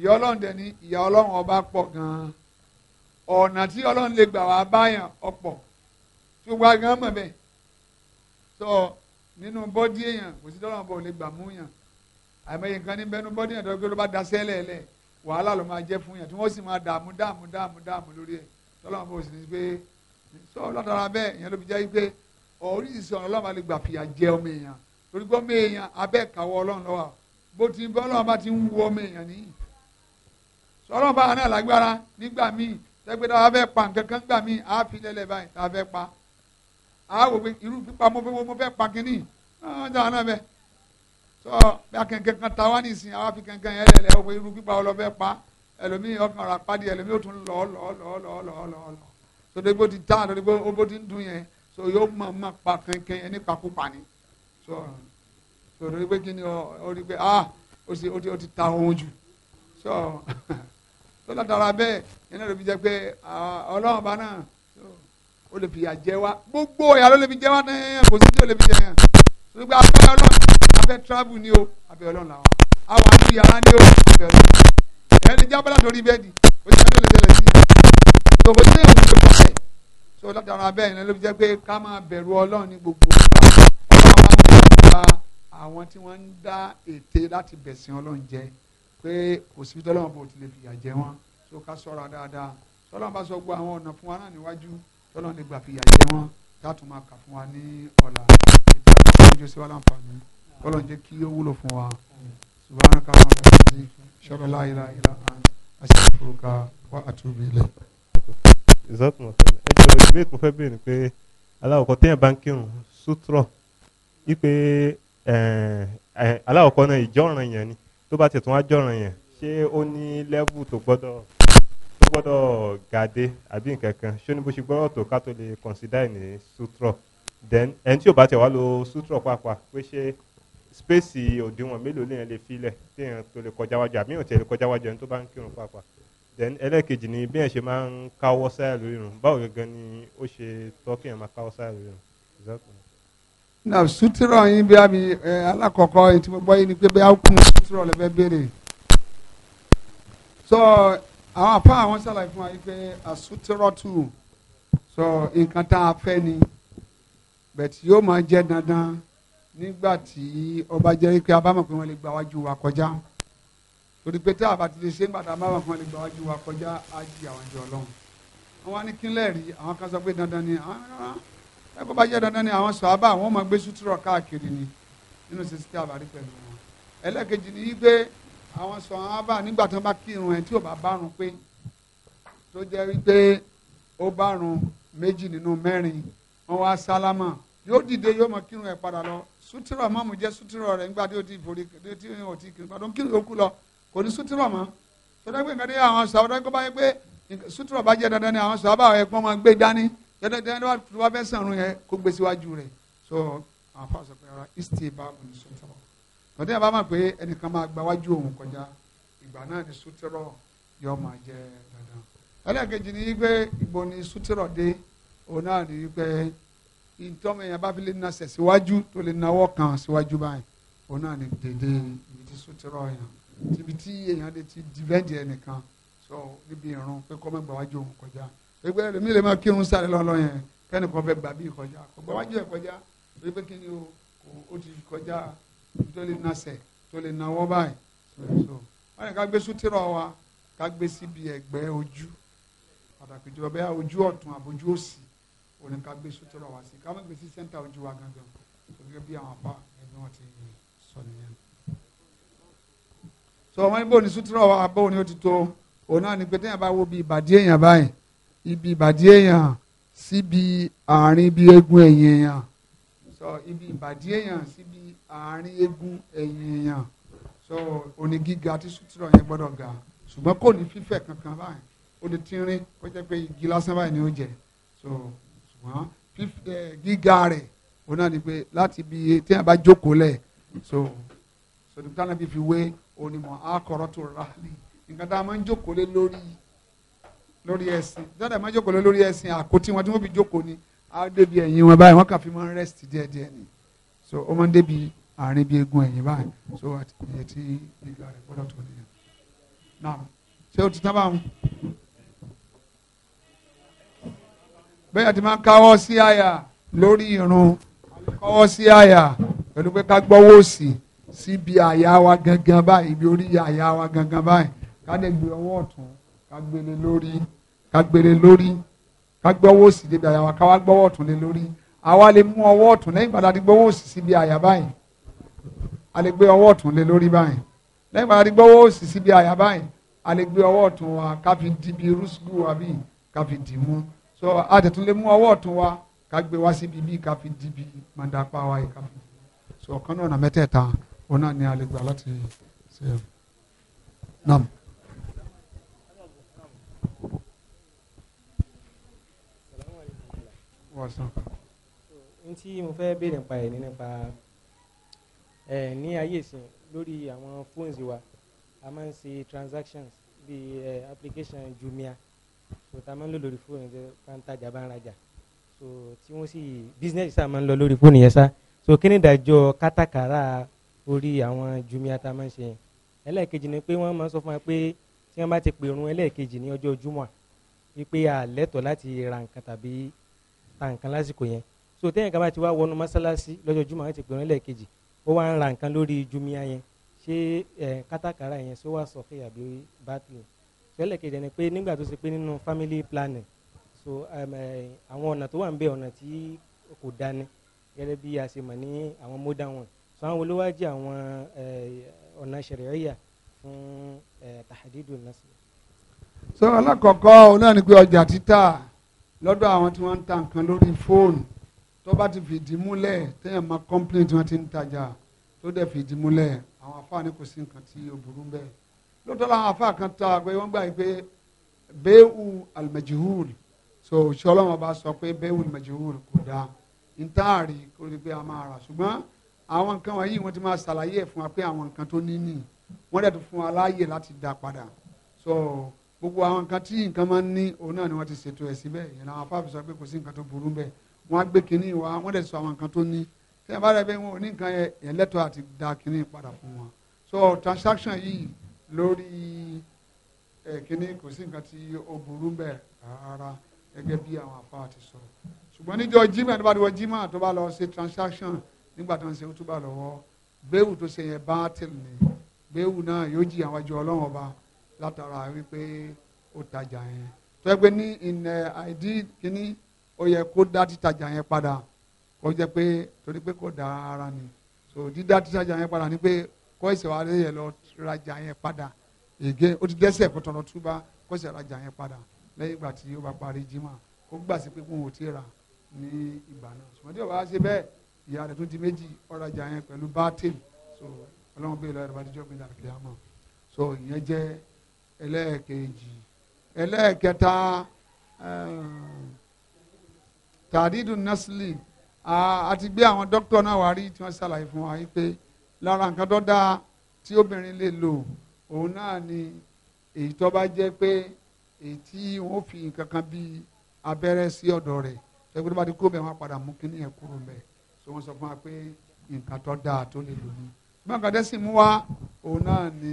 ìyà ọlọ́run dẹ̀ ni ìyà ọlọ́run ọba pọ̀ gan-an ọ̀nà tí ọlọ́run lè gbà wá báyàn ọ̀pọ̀ tí ó wá gan mọ̀ bẹ́ẹ̀ sọ nínú bọ́dí èèyàn kò sí tọ́lọ́run bọ̀ lè gbà mú yàn àìmọye nǹkan ní bẹnu bọ́dí èèyàn tó gbé ló bá daṣẹ́ lẹ́ẹ̀lẹ́ wàhálà ló máa jẹ́ fún yàn tí wọ́n sì máa dààmú dààmú dààmú dààmú lórí ẹ̀ tọ́lọ́run bọ̀ sì ní pé sọ látara bẹ́ẹ̀ ìyẹn ló fi jẹ́ pé oríṣiríṣi ọ̀nà ọlọ́run máa lè gbà fìyà jẹ ọmọ èèyàn torí gbọ́ ọmọ èèyàn abẹ́ ọlọ́run lọ́wọ́ bó ti bọ́ ọlọ́run bá ti ń wú ọmọ èèyàn nìyí sọlọ́n bá náà lágbára nígbà míì tẹ́gbẹ́dá wa fẹ́ pa nǹkan kan gbà míì á fi lẹ́lẹ̀ báyìí tá a fẹ́ pa á wò pé irú pípa mo fẹ́ mo fẹ́ pa kínní ọ̀hún dáhùn náà bẹ́ẹ̀ sọ akẹ́kẹ́ kan ta wá nìsín àwa fi kankan yẹn lẹ́lẹ̀ ó pé irú pípa ọlọ́ fẹ́ pa ẹlòmíì ọkàn rà pàdé ẹlòmíì ó tún lọ́ lọ́ lọ́ lọ́ lọ́ lọ́ lọ́ sọdọ́gbó ti tá àdọ́gbó ó bó ti ń dùn yẹn so yóò mọ̀ mọ̀ ni sọ sọdọ́gbó kí ni ọ ọ rí pé ah ó ti ó ti ta ohun jù sọlá tara bẹ́ẹ̀ iná ló fi jẹ́ pé ọlọ́run bá náà ó lè fi yà jẹ wá gbogbo ìyà ló lè fi jẹ wá náà kò sí tí ó lè fi jẹ yàn sọ pé abẹ́ ọlọ́run abẹ́ travel ni o abẹ́ ọlọ́run làwọn àwọn àti yàrá ni o abẹ́ ọlọ́run ẹni jábọ́lá torí bẹ́ẹ̀dì ó ti sẹ́ni ó lè tẹ̀lé sí i kò sí èèyàn tó tọ́ ẹ̀ sọ látara bẹ́ẹ̀ iná ló fi jẹ́ pé ká máa bẹ̀rù ọlọ́run ní gbogbo ọlọ́run máa ń gba àwọn tí wọ́n ń dá ète láti bẹ̀sìn ọlọ́run jẹ́ pé kò sí tọ́lọ́mọ bò tilẹ̀ fìyà jẹ wọn tó ká sọ́ra dáadáa tọ́lọ́mọ bá sọ gbọ́ àwọn ọ̀nà fún wa náà níwájú tọ́lọ́mọ lè gbà fìyà jẹ wọn dátùn máa kà fún wa ní ọ̀la ìtàkùn ìjọ sí wa láǹfààní tọ́lọ́mọ jẹ́ kí ó wúlò fún wa subahana ká máa bá ti ṣọ́ra láìla ìlà àn àṣìkòkà wà àtúbí ilẹ̀. ìzọ́kùn ọ̀fẹ́ ẹ jọ ìbéèrè mo fẹ́ béèrè tó bá tẹ̀tún wá jọ̀ràn yẹn ṣé ó ní lẹ́bù tó gbọ́dọ̀ tó gbọ́dọ̀ gàdé àbí nǹkan kan ṣé ó ní bó ṣe gbọ́dọ̀ tó ká tó lè consider ní sutura then ẹni tí ò bá tẹ̀ wá lo sutura pàápàá pé ṣé space òdiwọ̀n mélòó lèèyàn lè filẹ̀ téèyàn tó lè kọjá wájú àbí èèyàn tẹ̀ lè kọjá wájú ẹni tó bá ń kírun pàápàá then ẹlẹ́ẹ̀kejì ni bí èèyàn ṣe máa ń káwọ́ sáyà lórí irun báwo gangan ni ó ṣe tọ́ kéèyàn máa káwọ́ sáyà lórí irun na sutura yin bí a bi ẹ alakọkọ yìí tí mo gbọ́ yìí ni pé bí a kún sutura lè fẹ́ béèrè so àwọn afa àwọn ṣàlàyé fún wa yìí pé asutura tù so nǹkan tá a fẹ́ ni bẹ̀tì yóò máa jẹ́ dandan nígbà tí ọba jẹ́ pé a bá mọ̀ pé wọ́n lè gba wájú wa kọjá torí pé tá a bá ti lè ṣe nígbà tá a lè gba wájú wa kọjá á jí àwọn ìjọ ọlọ́run àwọn anìkínlẹ̀ rí àwọn kan sọ pé dandan ni àwọn ah, kan ẹ̀kọ́ bá jẹ́ dandan ni àwọn sàhábà àwọn máa gbé sútúrọ̀ káàkiri ni nínú sísè tí a bá rí pẹ̀lú wọn ẹlẹ́kejì ni wípé àwọn sàhábà nígbà tó bá kírun ẹ̀ tí ò bá bárun pé tó jẹ́ wípé ó bárun méjì nínú mẹ́rin wọn wá sálámà yóò dìde yóò mọ kírun ẹ̀ padà lọ sútúrọ̀ mọ́mù jẹ́ sútúrọ̀ rẹ̀ nígbà tí ó ti borí tí ó ti kírun padà ó kírun yòókù lọ kò ní sútúrọ̀ mọ́ sọdọ́ pé nǹkan àwọn sàhábà tó bá yẹ pé sútúrọ̀ bá jẹ́ dandan ni àwọn sàhábà ẹ̀ dandan dandan ni wàá tó bá fẹ́ sànù yẹn kó gbé síwájú so àwọn afa sọ ara isti ba wọn ní sotẹrọ tọ́tí yàrá bá máa pé ẹnìkan máa gba wájú òun kọjá ìgbà náà ní sotẹrọ yóò máa jẹ dandan ẹlẹ́ẹ̀kejì ni wípé ìbò ní sotẹrọ dé òun náà ní wípé ìtọ́mọ yẹn bá fi lè nasẹ̀ síwájú tó lè nawọ́ kan síwájú báyìí òun náà ní dédé ibi tí sotẹrọ yẹn ibi tí èèyàn lè ti dìbẹ́ǹdì so níbi ìrún pé kọ́ mẹ́gbàá wájú òun kọjá pé ẹlòmíì lè máa kírun sáré lọ́lọ́ yẹn kẹ́ni kan fẹ́ gbà bí ìkọjá kò wájú ẹ̀ kọjá pé pé kí ni o o ti kọjá tó lè nasẹ̀ tó lè nawọ́ báyìí wọ́n ní ká gbé sútìrọ̀ wa ká gbé síbi ẹ̀gbẹ́ ojú pàtàkì jùlọ bẹ́ẹ̀ ojú ọ̀tún àbójú òsì ò ní ká gbé sútìrọ̀ wa sí ká má gbé sí sẹ́ńtà ojú wa gangan gẹ́gẹ́ bí àwọn apá ẹgbẹ́ wọn ti sọ nìyẹn. sọ wọn ní bóun ní sútìrọ̀ wa bóun ní ó ti tó òun náà ní pé téèyàn bá wo bí ìbàdí èèyàn báyìí ibi ìbàdí èèyàn síbi àárín ibi eegun ẹ̀yìn èèyàn so ibi ìbàdí èèyàn síbi àárín eegun ẹ̀yìn èèyàn so òní gíga tí sutura yẹn gbọ́dọ̀ ga ṣùgbọ́n kò ní fífẹ̀ kankan báyìí ó lè tínrín ó jẹ́ pé igi lásán báyìí ni ó jẹ so ṣùgbọ́n gíga rẹ̀ òun náà ni pé láti ibi tí wọ́n bá jókòó lẹ̀ so sọdún tánà bí fi wé onímọ̀ àkọ́rọ́ tó rà ní tá a máa ń jókòó lé lórí yìí lórí ẹ̀sìn dáadáa máa jókòó lórí ẹ̀sìn àkótí wọn tí wọ́n fi jókòó ni á débi ẹ̀yìn wọn báyìí wọ́n kàn fi máa ń rest díẹ̀ díẹ̀ ni so ó máa ń débi àárín bí egun ẹ̀yìn báyìí so àtìyẹ tí nígbà rẹ̀ gbọ́dọ̀ tó nìyẹn náà ṣé o ti tábà ń. bẹ́ẹ̀ ti máa ń káwọ́ sí àyà lórí irun kọ́wọ́ sí àyà pẹ̀lú pé ká gbọ́wọ́ sí síbi àyà wa gangan báyìí ibi orí àyà wa gangan báyìí ká lè gbé ọwọ́ ọ̀tún ká gbélé lórí ká gbélé lórí ká gbọ́wọ́ òsì débi àyà wa ká wá gbọ́wọ́ ọ̀tún lé lórí àwa lè mú ọwọ́ ọ̀tún lẹ́yìn ìgbà tá a ti gbọ́wọ́ òsì síbi àyà báyìí a lè gbé ọwọ́ ọ̀tún lé lórí báyìí lẹ́yìn ìgbà tá a òsì síbi àyà báyìí a lè gbé ọwọ́ ọ̀tún wa ká fi di bi rúṣùkú wa bíi ká fi mú so a tètè lè mú ọwọ́ ọ̀tún wa ká gbé wá síbi bíi ká di bi mandapa wa yìí ká fi so ọ̀kan náà nà mẹ́tẹ̀ẹ̀ta òun ni a lè gbà láti ṣe nam. wọ́n sàn kan. n tí mo fẹ́ béèrè nípa ẹ̀ ní nípa ẹ̀ ní ayé ìsìn lórí àwọn fóònù wa a máa ń ṣe transactions bíi ẹ̀ application Jumia so tá a máa ń lò lórí fóònù yẹn bá ń tajà bá ń rajà so tí wọ́n sì business sá máa ń lọ lórí fóònù yẹn sá so kí ni ìdájọ́ kátàkárà orí àwọn Jumia tá a máa ń ṣe yẹn ẹlẹ́ẹ̀kejì ni pé wọ́n máa ń sọ fún wa pé tí wọ́n bá ti pèrun ẹlẹ́ẹ̀kejì ní ọjọ́ Júmọ̀ wípé a lẹ́tọ̀ọ́ láti ra nǹkan tàbí ta nǹkan lásìkò yẹn so téèyàn kan bá ti wá wọnú mọ́sálásí lọ́jọ́ jùmọ̀ àti pèrún lẹ́ẹ̀kejì ó wá ń ra nǹkan lórí jumia yẹn ṣé kátàkárà yẹn ṣó wà sọ̀kè àbí bátìlì ṣẹlẹ̀kejì ni pé nígbà tó ṣe pé nínú family planning so um, àwọn ọ̀nà tó wà ń bẹ ọ̀nà tí kò dání gẹ́gẹ́ bí a ṣe mọ̀ ní àwọn modern one so àwọn olówó jẹ́ àwọn ọ̀nà ṣẹ̀rẹ̀ẹ́yà fún tahadidu nasi. so alákọ̀ọ́kọ́ ọ̀nà ni pé ọjà títà lọ́dọ̀ àwọn tí wọ́n ń ta nǹkan lórí fóònù tó bá ti fìdí múlẹ̀ téèyàn máa complain tí wọ́n ti ń tajà tó dẹ̀ fìdí múlẹ̀ àwọn afá ni kò sí nǹkan tí ó burú bẹ́ẹ̀ lóòótọ́ làwọn afá kan ta pé wọ́n gbà pé bẹ́ẹ̀wù al so òṣìṣẹ́ ọlọ́run ọba sọ pé bẹ́ẹ̀wù al-majhul kò dáa ntaari kó rí pé a máa rà ṣùgbọ́n àwọn nǹkan wọ̀nyí wọ́n ti máa ṣàlàyé ẹ̀ fún wa pé àwọn nǹkan tó ní nì wọ́n dẹ̀ tún fún wa láàyè láti dá padà so gbogbo àwọn nǹkan tí nǹkan máa ń ní òun náà ni wọ́n ti ṣètò ẹ̀ síbẹ̀ ìyẹn àwọn afáàfin sọ pé kò sí nǹkan tó burú bẹ́ẹ̀ wọ́n á gbé kinní wa wọ́n dẹ̀ sọ àwọn nǹkan tó ní tí ẹ bá rẹ bẹ́ẹ̀ wọn ò ní nǹkan yẹn lẹ́tọ̀ọ́ àti da kinní padà fún wọn so transaction yìí lórí ẹ̀ kinní kò sí nǹkan tí ó burú bẹ́ẹ̀ rárá gẹ́gẹ́ bí àwọn afáà ti sọ ṣùgbọ́n níjọ́ jimá tó bá transaction nígbà tó ń ṣe ó túbà lọ́wọ́ béèwù tó ṣe látara wípé ó tajà yẹn tó yẹ pé ní ìnẹ àìdí kínní ó yẹ kó dá títajà yẹn padà kó jẹ pé torí pé kò dá ara ni so dídá títajà yẹn padà ni pé kó ẹsẹ̀ wa lè yẹ lọ rajà yẹn padà ègé ó ti dẹ́sẹ̀ kó tọ̀nà túbà kó ẹsẹ̀ rajà yẹn padà lẹ́yìn ìgbà tí ó bá parí jimá kó gbà sí pé kó wọn ò tí rà ní ìgbà náà ṣùgbọ́n tí o bá ṣe bẹ́ẹ̀ ìyá rẹ̀ tó di méjì ọ̀rajà yẹn pẹ̀lú bátìlì so ọlọ́run bẹ́ẹ̀ lọ́ọ́ yẹn bá dijọ́ gbé dàrú so ìyẹn ẹlẹ́ẹ̀kejì ẹlẹ́ẹ̀kẹta eh, tàdídùn násìlì àti gbé àwọn dókítà náà wá rí tí wọ́n ṣàlàyé fún wa wípé lára nǹkan tó dáa tí obìnrin lè lò òun náà ni èyí tó bá jẹ́ pé èyí tí wọ́n fi nǹkan kan bíi abẹ́rẹ́ sí ọ̀dọ̀ rẹ̀ ẹgbẹ́ tó bá ti kó bẹ̀ wọ́n padà mú kíní yẹn kúrò mẹ́ so wọ́n sọ fún wa pé nǹkan tó dáa tó lè lò ní bánkàdẹ́sì mú wá òun náà ni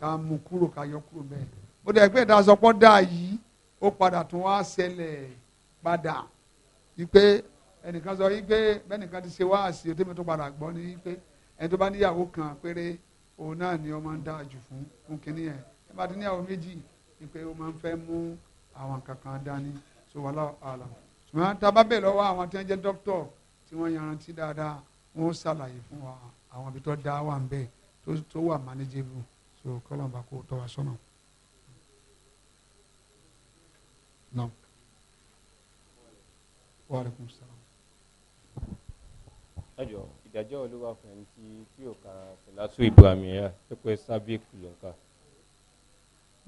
ká mú kúrò ká yọ kúrò bẹ́ẹ̀ ó dẹ̀ pé ìdásọpọ̀ dà yìí ó padà tún wá ṣẹlẹ̀ padà wípé ẹnìkan sọ wípé bẹ́ẹ̀nìkan ti ṣe wá àṣì òtẹ́mi tó padà gbọ́ ni wípé ẹni tó bá níyàwó kan péré òun náà ni ó máa ń dá jù fún fún kínní yẹn ẹ bá ti níyàwó méjì wípé ó máa ń fẹ́ mú àwọn kankan dání so wàhálà àlà ṣùgbọ́n tá a bá bẹ̀ lọ́wọ́ àwọn tí wọ́n jẹ́ dókítọ̀ tí wọ́n yanrantí dáadáa wọ́n ṣàlàyé fún wa àwọn ibi tó dá wà ń bẹ tó tó wà manageable so kọlọmọba kó tọ́ wa sọ́nà. Naam. Wa alaikum salaam. ẹjọ ìdájọ́ olúwa fún ẹni tí tí ò ka sọlátù Ibrahim yẹn tó pé sábẹ́ kù ló ń ka.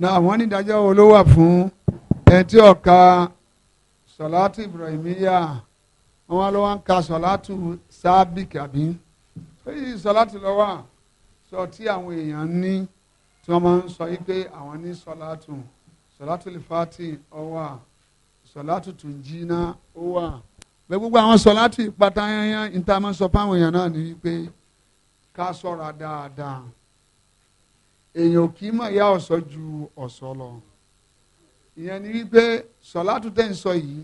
náà àwọn onídàájọ́ olówà fún ẹni tí ò ka sọlátù Ibrahim yẹn wọ́n wá lọ́wọ́ ń ka sọlátù sábìkì àbí èyí sọláàtì lọ wà sọ tí àwọn èèyàn ní tí wọ́n máa ń sọ yìí pé àwọn ní sọláàtù sọláàtù lìfàtì ó wà sọláàtù tùnjínà ó wà bẹ gbogbo àwọn sọláàtì pátá yányán níta máa ń sọ fáwọn èèyàn náà ní wípé ká ṣọ́ra dáadáa èèyàn kì í mọ̀ ìyá ọ̀sọ́ ju ọ̀sọ́ lọ ìyẹn ni wípé sọláàtù tẹ̀ ń sọ yìí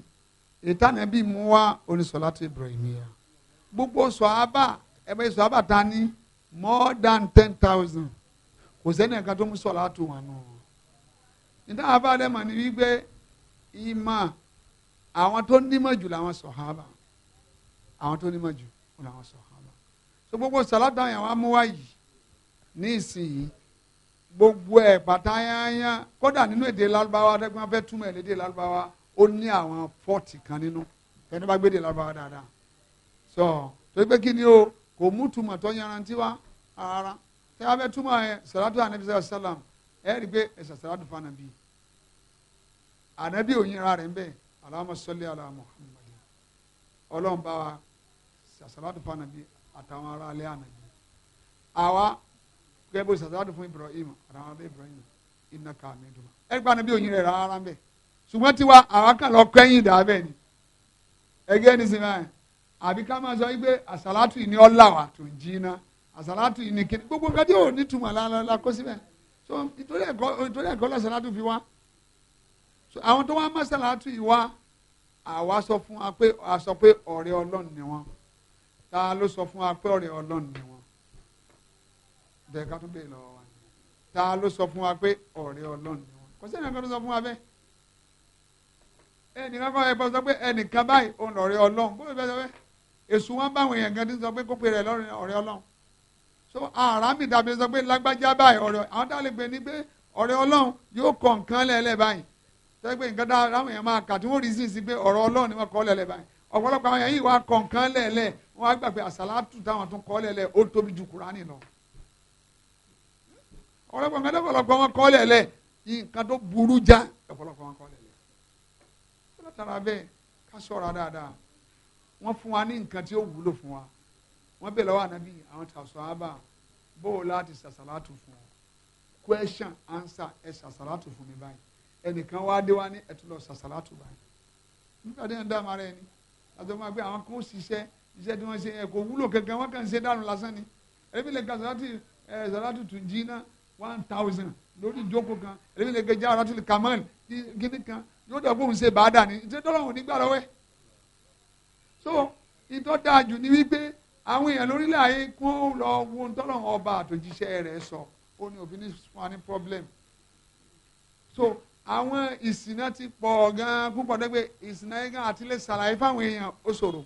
ìtànà bíi mú wá onísọláàtù Ibrahimiyya gbogbo sọ abá ẹ bẹ sọ abata ní more than ten thousand kò sẹ́ni ẹ̀ka tó mú sọ̀rọ̀ àtò wọn nù. níta abáàlẹ́ mọ̀ ní wípé ìmọ̀ àwọn tó nímọ̀ jù làwọn sàhábà àwọn tó nímọ̀ jù làwọn sàhábà. so gbogbo sàlátà yẹn wàá mú wá yìí ní ìsinyìí gbogbo ẹ̀ pàtàyàyà kódà nínú èdè lálùbáwá adẹ́gbọ́n fẹ́ túmọ̀ èdè lálùbáwá ó ní àwọn fọ́ọ̀tì kan nínú ẹni bá gbé èdè lálùbáwá dáadáa. sọ torí pé kí ni o. So, kò mú túmọ̀ tó yanrantí wá rárá tẹ́ a bẹ túmọ̀ yẹn sàlátù anabi sàlám ẹ rí i ẹ sàlátù fana bí anabi ò yẹra rẹ̀ alama sọlẹ alamu muhammadu ọlọ́run bá wa sàlátù fana bí àtàwọn ará alẹ́ anabi àwa kẹ́ bó sàlátù fún ibrahim àtàwọn ará ibrahim iná ká mi dùn ẹ gba anabi ò yẹra rárá ń bẹ̀ ṣùgbọ́n tiwa àwa kàn lọ kẹ́yìn dàbẹ̀ ni ẹgẹ́ ni sinmi ayé àbí ká máa sọ wípé àsálàtù yìí ni ọ́ là wà tó jìnnà àsálàtù yìí ni kí gbogbo nǹkan tí yóò ní túmọ̀ lálọ́lá kó síbẹ̀ so nítorí ẹ̀kọ́ nítorí ẹ̀kọ́ làsálàtù fi wá so àwọn tó wá má sálàtù yìí wá àwa sọ fún wa pé a sọ pé ọ̀rẹ́ ọlọ́run ni wọ́n ta ló sọ fún wa pé ọ̀rẹ́ ọlọ́run ni wọ́n bẹ́ẹ̀ ká tó bẹ́ẹ̀ lọ́wọ́ wa ta ló sọ fún wa pé ọ̀rẹ́ ọlọ́run ni wọ́n kò sí ẹnìkan tó sọ fún wa bẹ́ẹ̀ ẹnìkan kọ́ ẹ bọ́ sọ pé ẹnìkan báyìí òun lọ̀rẹ́ ọlọ́run bó ló bẹ́ẹ̀ sọ bẹ́ẹ̀ èsù wọn bá àwọn èèyàn kan tí ń sọ pé kópe rẹ̀ lọ́rùn ọ̀rẹ́ ọlọ́run so ara mi dàbí sọ pé lágbájá báyìí ọ̀rẹ́ àwọn tá a lè gbé ní pé ọ̀rẹ́ ọlọ́run yóò kọ nǹkan lẹ́lẹ̀ báyìí tẹ́ pé nǹkan dára àwọn èèyàn máa kà tí wọ́n rí sí sí pé ọ̀rọ̀ ọlọ́run ni wọ́n kọ́ lẹ́lẹ̀ báyìí ọ̀pọ̀lọpọ̀ àwọn èèyàn yìí wá kọ nǹkan lẹ́lẹ̀ wọ́n á gbà pé àsálátù táwọn tún kọ́ lẹ́lẹ̀ ó tóbi ju kúránì lọ. ọ̀pọ̀lọpọ̀ nǹkan tọ́pọ̀lọpọ̀ wọn kọ́ lẹ́lẹ̀ nǹkan tó burú já ọ̀pọ̀lọpọ̀ wọn kọ́ lẹ́lẹ̀. ó lọ́tara bẹ́ẹ̀ wọ́n fún wa ní nǹkan tí ó wúlò fún wa wọ́n bèèrè lọ́wọ́ ànábì àwọn tàṣọ àbá bóò láti ṣàṣàlátù fún ọ question answer ẹ ṣàṣàlátù fún mi báyìí ẹnìkan wá dé wá ní ẹ tún lọ ṣàṣàlátù báyìí nígbà tí wọ́n dáhùn ara ẹni àti wọ́n máa gbé àwọn kan ṣiṣẹ́ iṣẹ́ tí wọ́n ṣe ẹ kò wúlò kankan wọ́n kàn ṣe dànù lásán ni ẹbí lè ka ṣàṣàlátù tún jí náà one thousand lórí ìjókòó kan ẹbí lè ka jáwé rátìlì kàmáàlì kíní kan yóò dẹ̀ bóun ṣe bàá dà ní ìṣẹ́ tọ́lọ́hùn nígbà lọ́wẹ́ so ìtọ́ dáa jù ní wípé àwọn èèyàn lórílẹ̀ ayé kó lọ wo ntọ́lọ́run ọba àtòjíṣẹ́ rẹ̀ sọ ó ní òfin ní fún wa ní problem so àwọn ìsìnà ti pọ̀ gan-an púpọ̀ dẹ́gbẹ́ ìsìnà yẹn gan àti lè ṣàlàyé fáwọn èèyàn ó ṣòro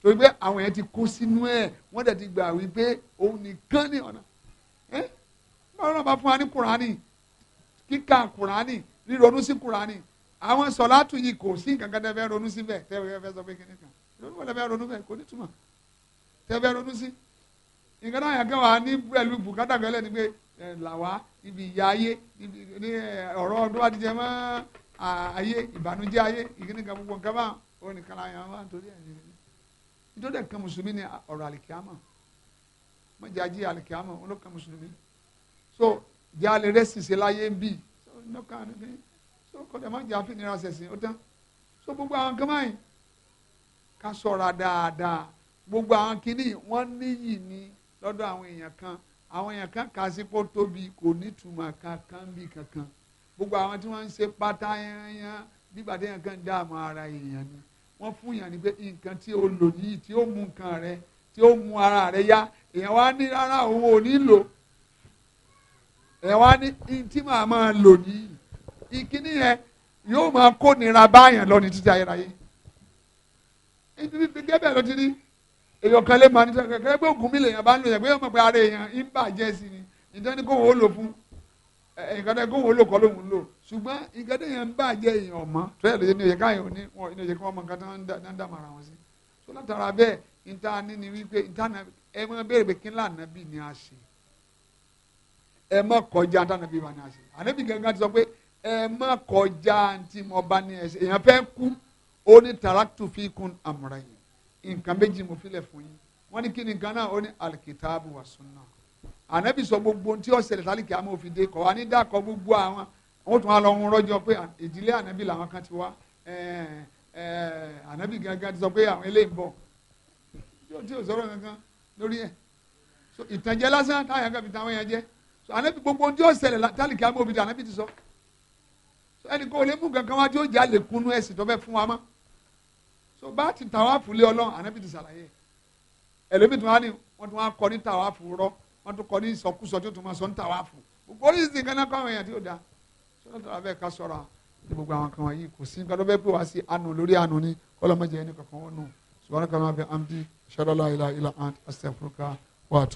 torí pé àwọn èèyàn ti kó sínú ẹ̀ wọ́n dẹ̀ ti gbà wípé òun nìkan ní ọ̀nà ẹ́ báwo náà bá fún wa ní kùránì kíkà kùránì ríronú sí kùránì àwọn sọ̀látù yìí kò sí nǹkan kan tẹ́ fẹ́ ronú síbẹ̀ tẹ́ fẹ́ sọ pé kíní kan ronú wọlé fẹ́ ronú bẹ́ẹ̀ kò ní túmọ̀ tẹ́ fẹ́ ronú sí nǹkan náà yàn kẹ́ wà ní pẹ̀lú bùkátà fẹ́lẹ̀ ni pé làwa ibi ìyá ayé ní ọ̀rọ̀ ọdún wa ti jẹ mọ́ ayé ìbànújẹ́ ayé ìkíní kan gbogbo nǹkan bá òun nìkan la yàn wá nítorí ẹ̀ nítorí ẹ̀kan mùsùlùmí ni ọ̀rọ̀ àlìkíámà mọ̀ jẹ́ ajé àlìkíámà olókan mùsùlùmí so jẹ́ alẹ́ rẹ́sì ṣe láyé ń bì so ní ọkàn rẹ̀ kọ́dà má jẹ́ àfihàn ṣẹ̀sìn ó tán so gbogbo àwọn kan báyìí ká sọ̀ra dáadáa gbogbo àwọn kìíní wọ́n níyì ní lọ́dọ̀ àwọn èèyàn kan àwọn èèyàn kan kà sí pé ó tóbi kò nítumọ̀ kankan bí kankan gbogbo àwọn tí wọ́n ń ṣe pátá yányán nígbà tí èèyàn kan dáàmú ara èèyàn ni wọ́n fún èèyàn ní pé nǹkan tí o lò yìí tí ó mú nǹkan rẹ tí ó mú ara rẹ yá èèyàn wá ní rárá òun ò ní lò èèyàn wá ní tí màá máa lò nìyí ìkíní yẹn yóò máa kó nira báyàn lọ ní títí ayérayé ìdílé gẹ́gẹ́ ló ti rí èèyàn kan lè máa ní sọ kẹkẹrẹ pé ògùn mi lèèyàn bá ń lò yẹn pé yóò mọ̀ pé ara èèyàn ń bàjẹ́ sí ni ìjọba ní kò wọ́n lò fún nǹkan tẹ́ kò wọ́n lò kọ́ ló ń lò ṣùgbọ́n nǹkan tẹ́ yẹn ń bàjẹ́ èèyàn ọ̀mọ́ tó yẹ lóye ní òye káyọ̀ ní wọn ní òye kí wọ́n mọ nǹkan tó ń dà mọ́ra wọn sí tó látara bẹ́ẹ̀ níta ní ni wípé níta ẹ mọ béèrè pé kí lànà bí ni a ṣe ẹ mọ kọjá níta ní bí ẹ má kọjá ntí mo bá ní ẹsẹ èèyàn fẹ́ kú ó ní taraktu fi kun amúra yìí nǹkan méjì mo filẹ̀ fún yín wọ́n ní kí ni nǹkan náà ó ní alikitaabu wa sunna ànábì sọ gbogbo ntí ọ̀sẹ̀lẹ̀ sálíkì àmọ́ òfin dé kọ́ wa ní dàkọ́ gbogbo àwọn àwọn tó wà lọ ń rọ́jò pé ìdílé ànábì làwọn kan ti wá ànábì gangan ti sọ pé àwọn eléyìí ń bọ̀ yóò tí ò sọ̀rọ̀ gangan lórí ẹ̀ ìtànjẹ lásán táyà kan fi tàwọn yẹn jẹ́ ànábì gbogbo ntí ọ̀sẹ̀lẹ̀ sálíkì àmọ́ òfin dé ànábì ti sọ. So, ẹnì kan ò lè mú kankan wá ó jà lè kunu ẹ̀sìn tó fẹ́ fún wa mọ́ so bá ti tàwáàfù lé ọlọ́run ànábì ti ṣàlàyé ẹlòmíì tó wá ní wọ́n tún wá kọ ní tàwáàfù rọ́ wọ́n tún kọ ní ìsọkúsọ tí ó tún máa sọ ní tàwáàfù gbogbo oríṣiríṣi nǹkan náà kọ́ àwọn èèyàn tí ó da sọ́dọ̀ tó wà bẹ́ẹ̀ ká sọ̀rọ̀ ní gbogbo àwọn kan wọ̀nyí kò sí nǹkan tó bẹ́ẹ̀ pé wá sí àánú lórí àánú ni kọ́lọ́mọ́jẹ ẹni kankan wọn nù subhanaka ma bi amdi shadala ila ila ant astaghfiruka wa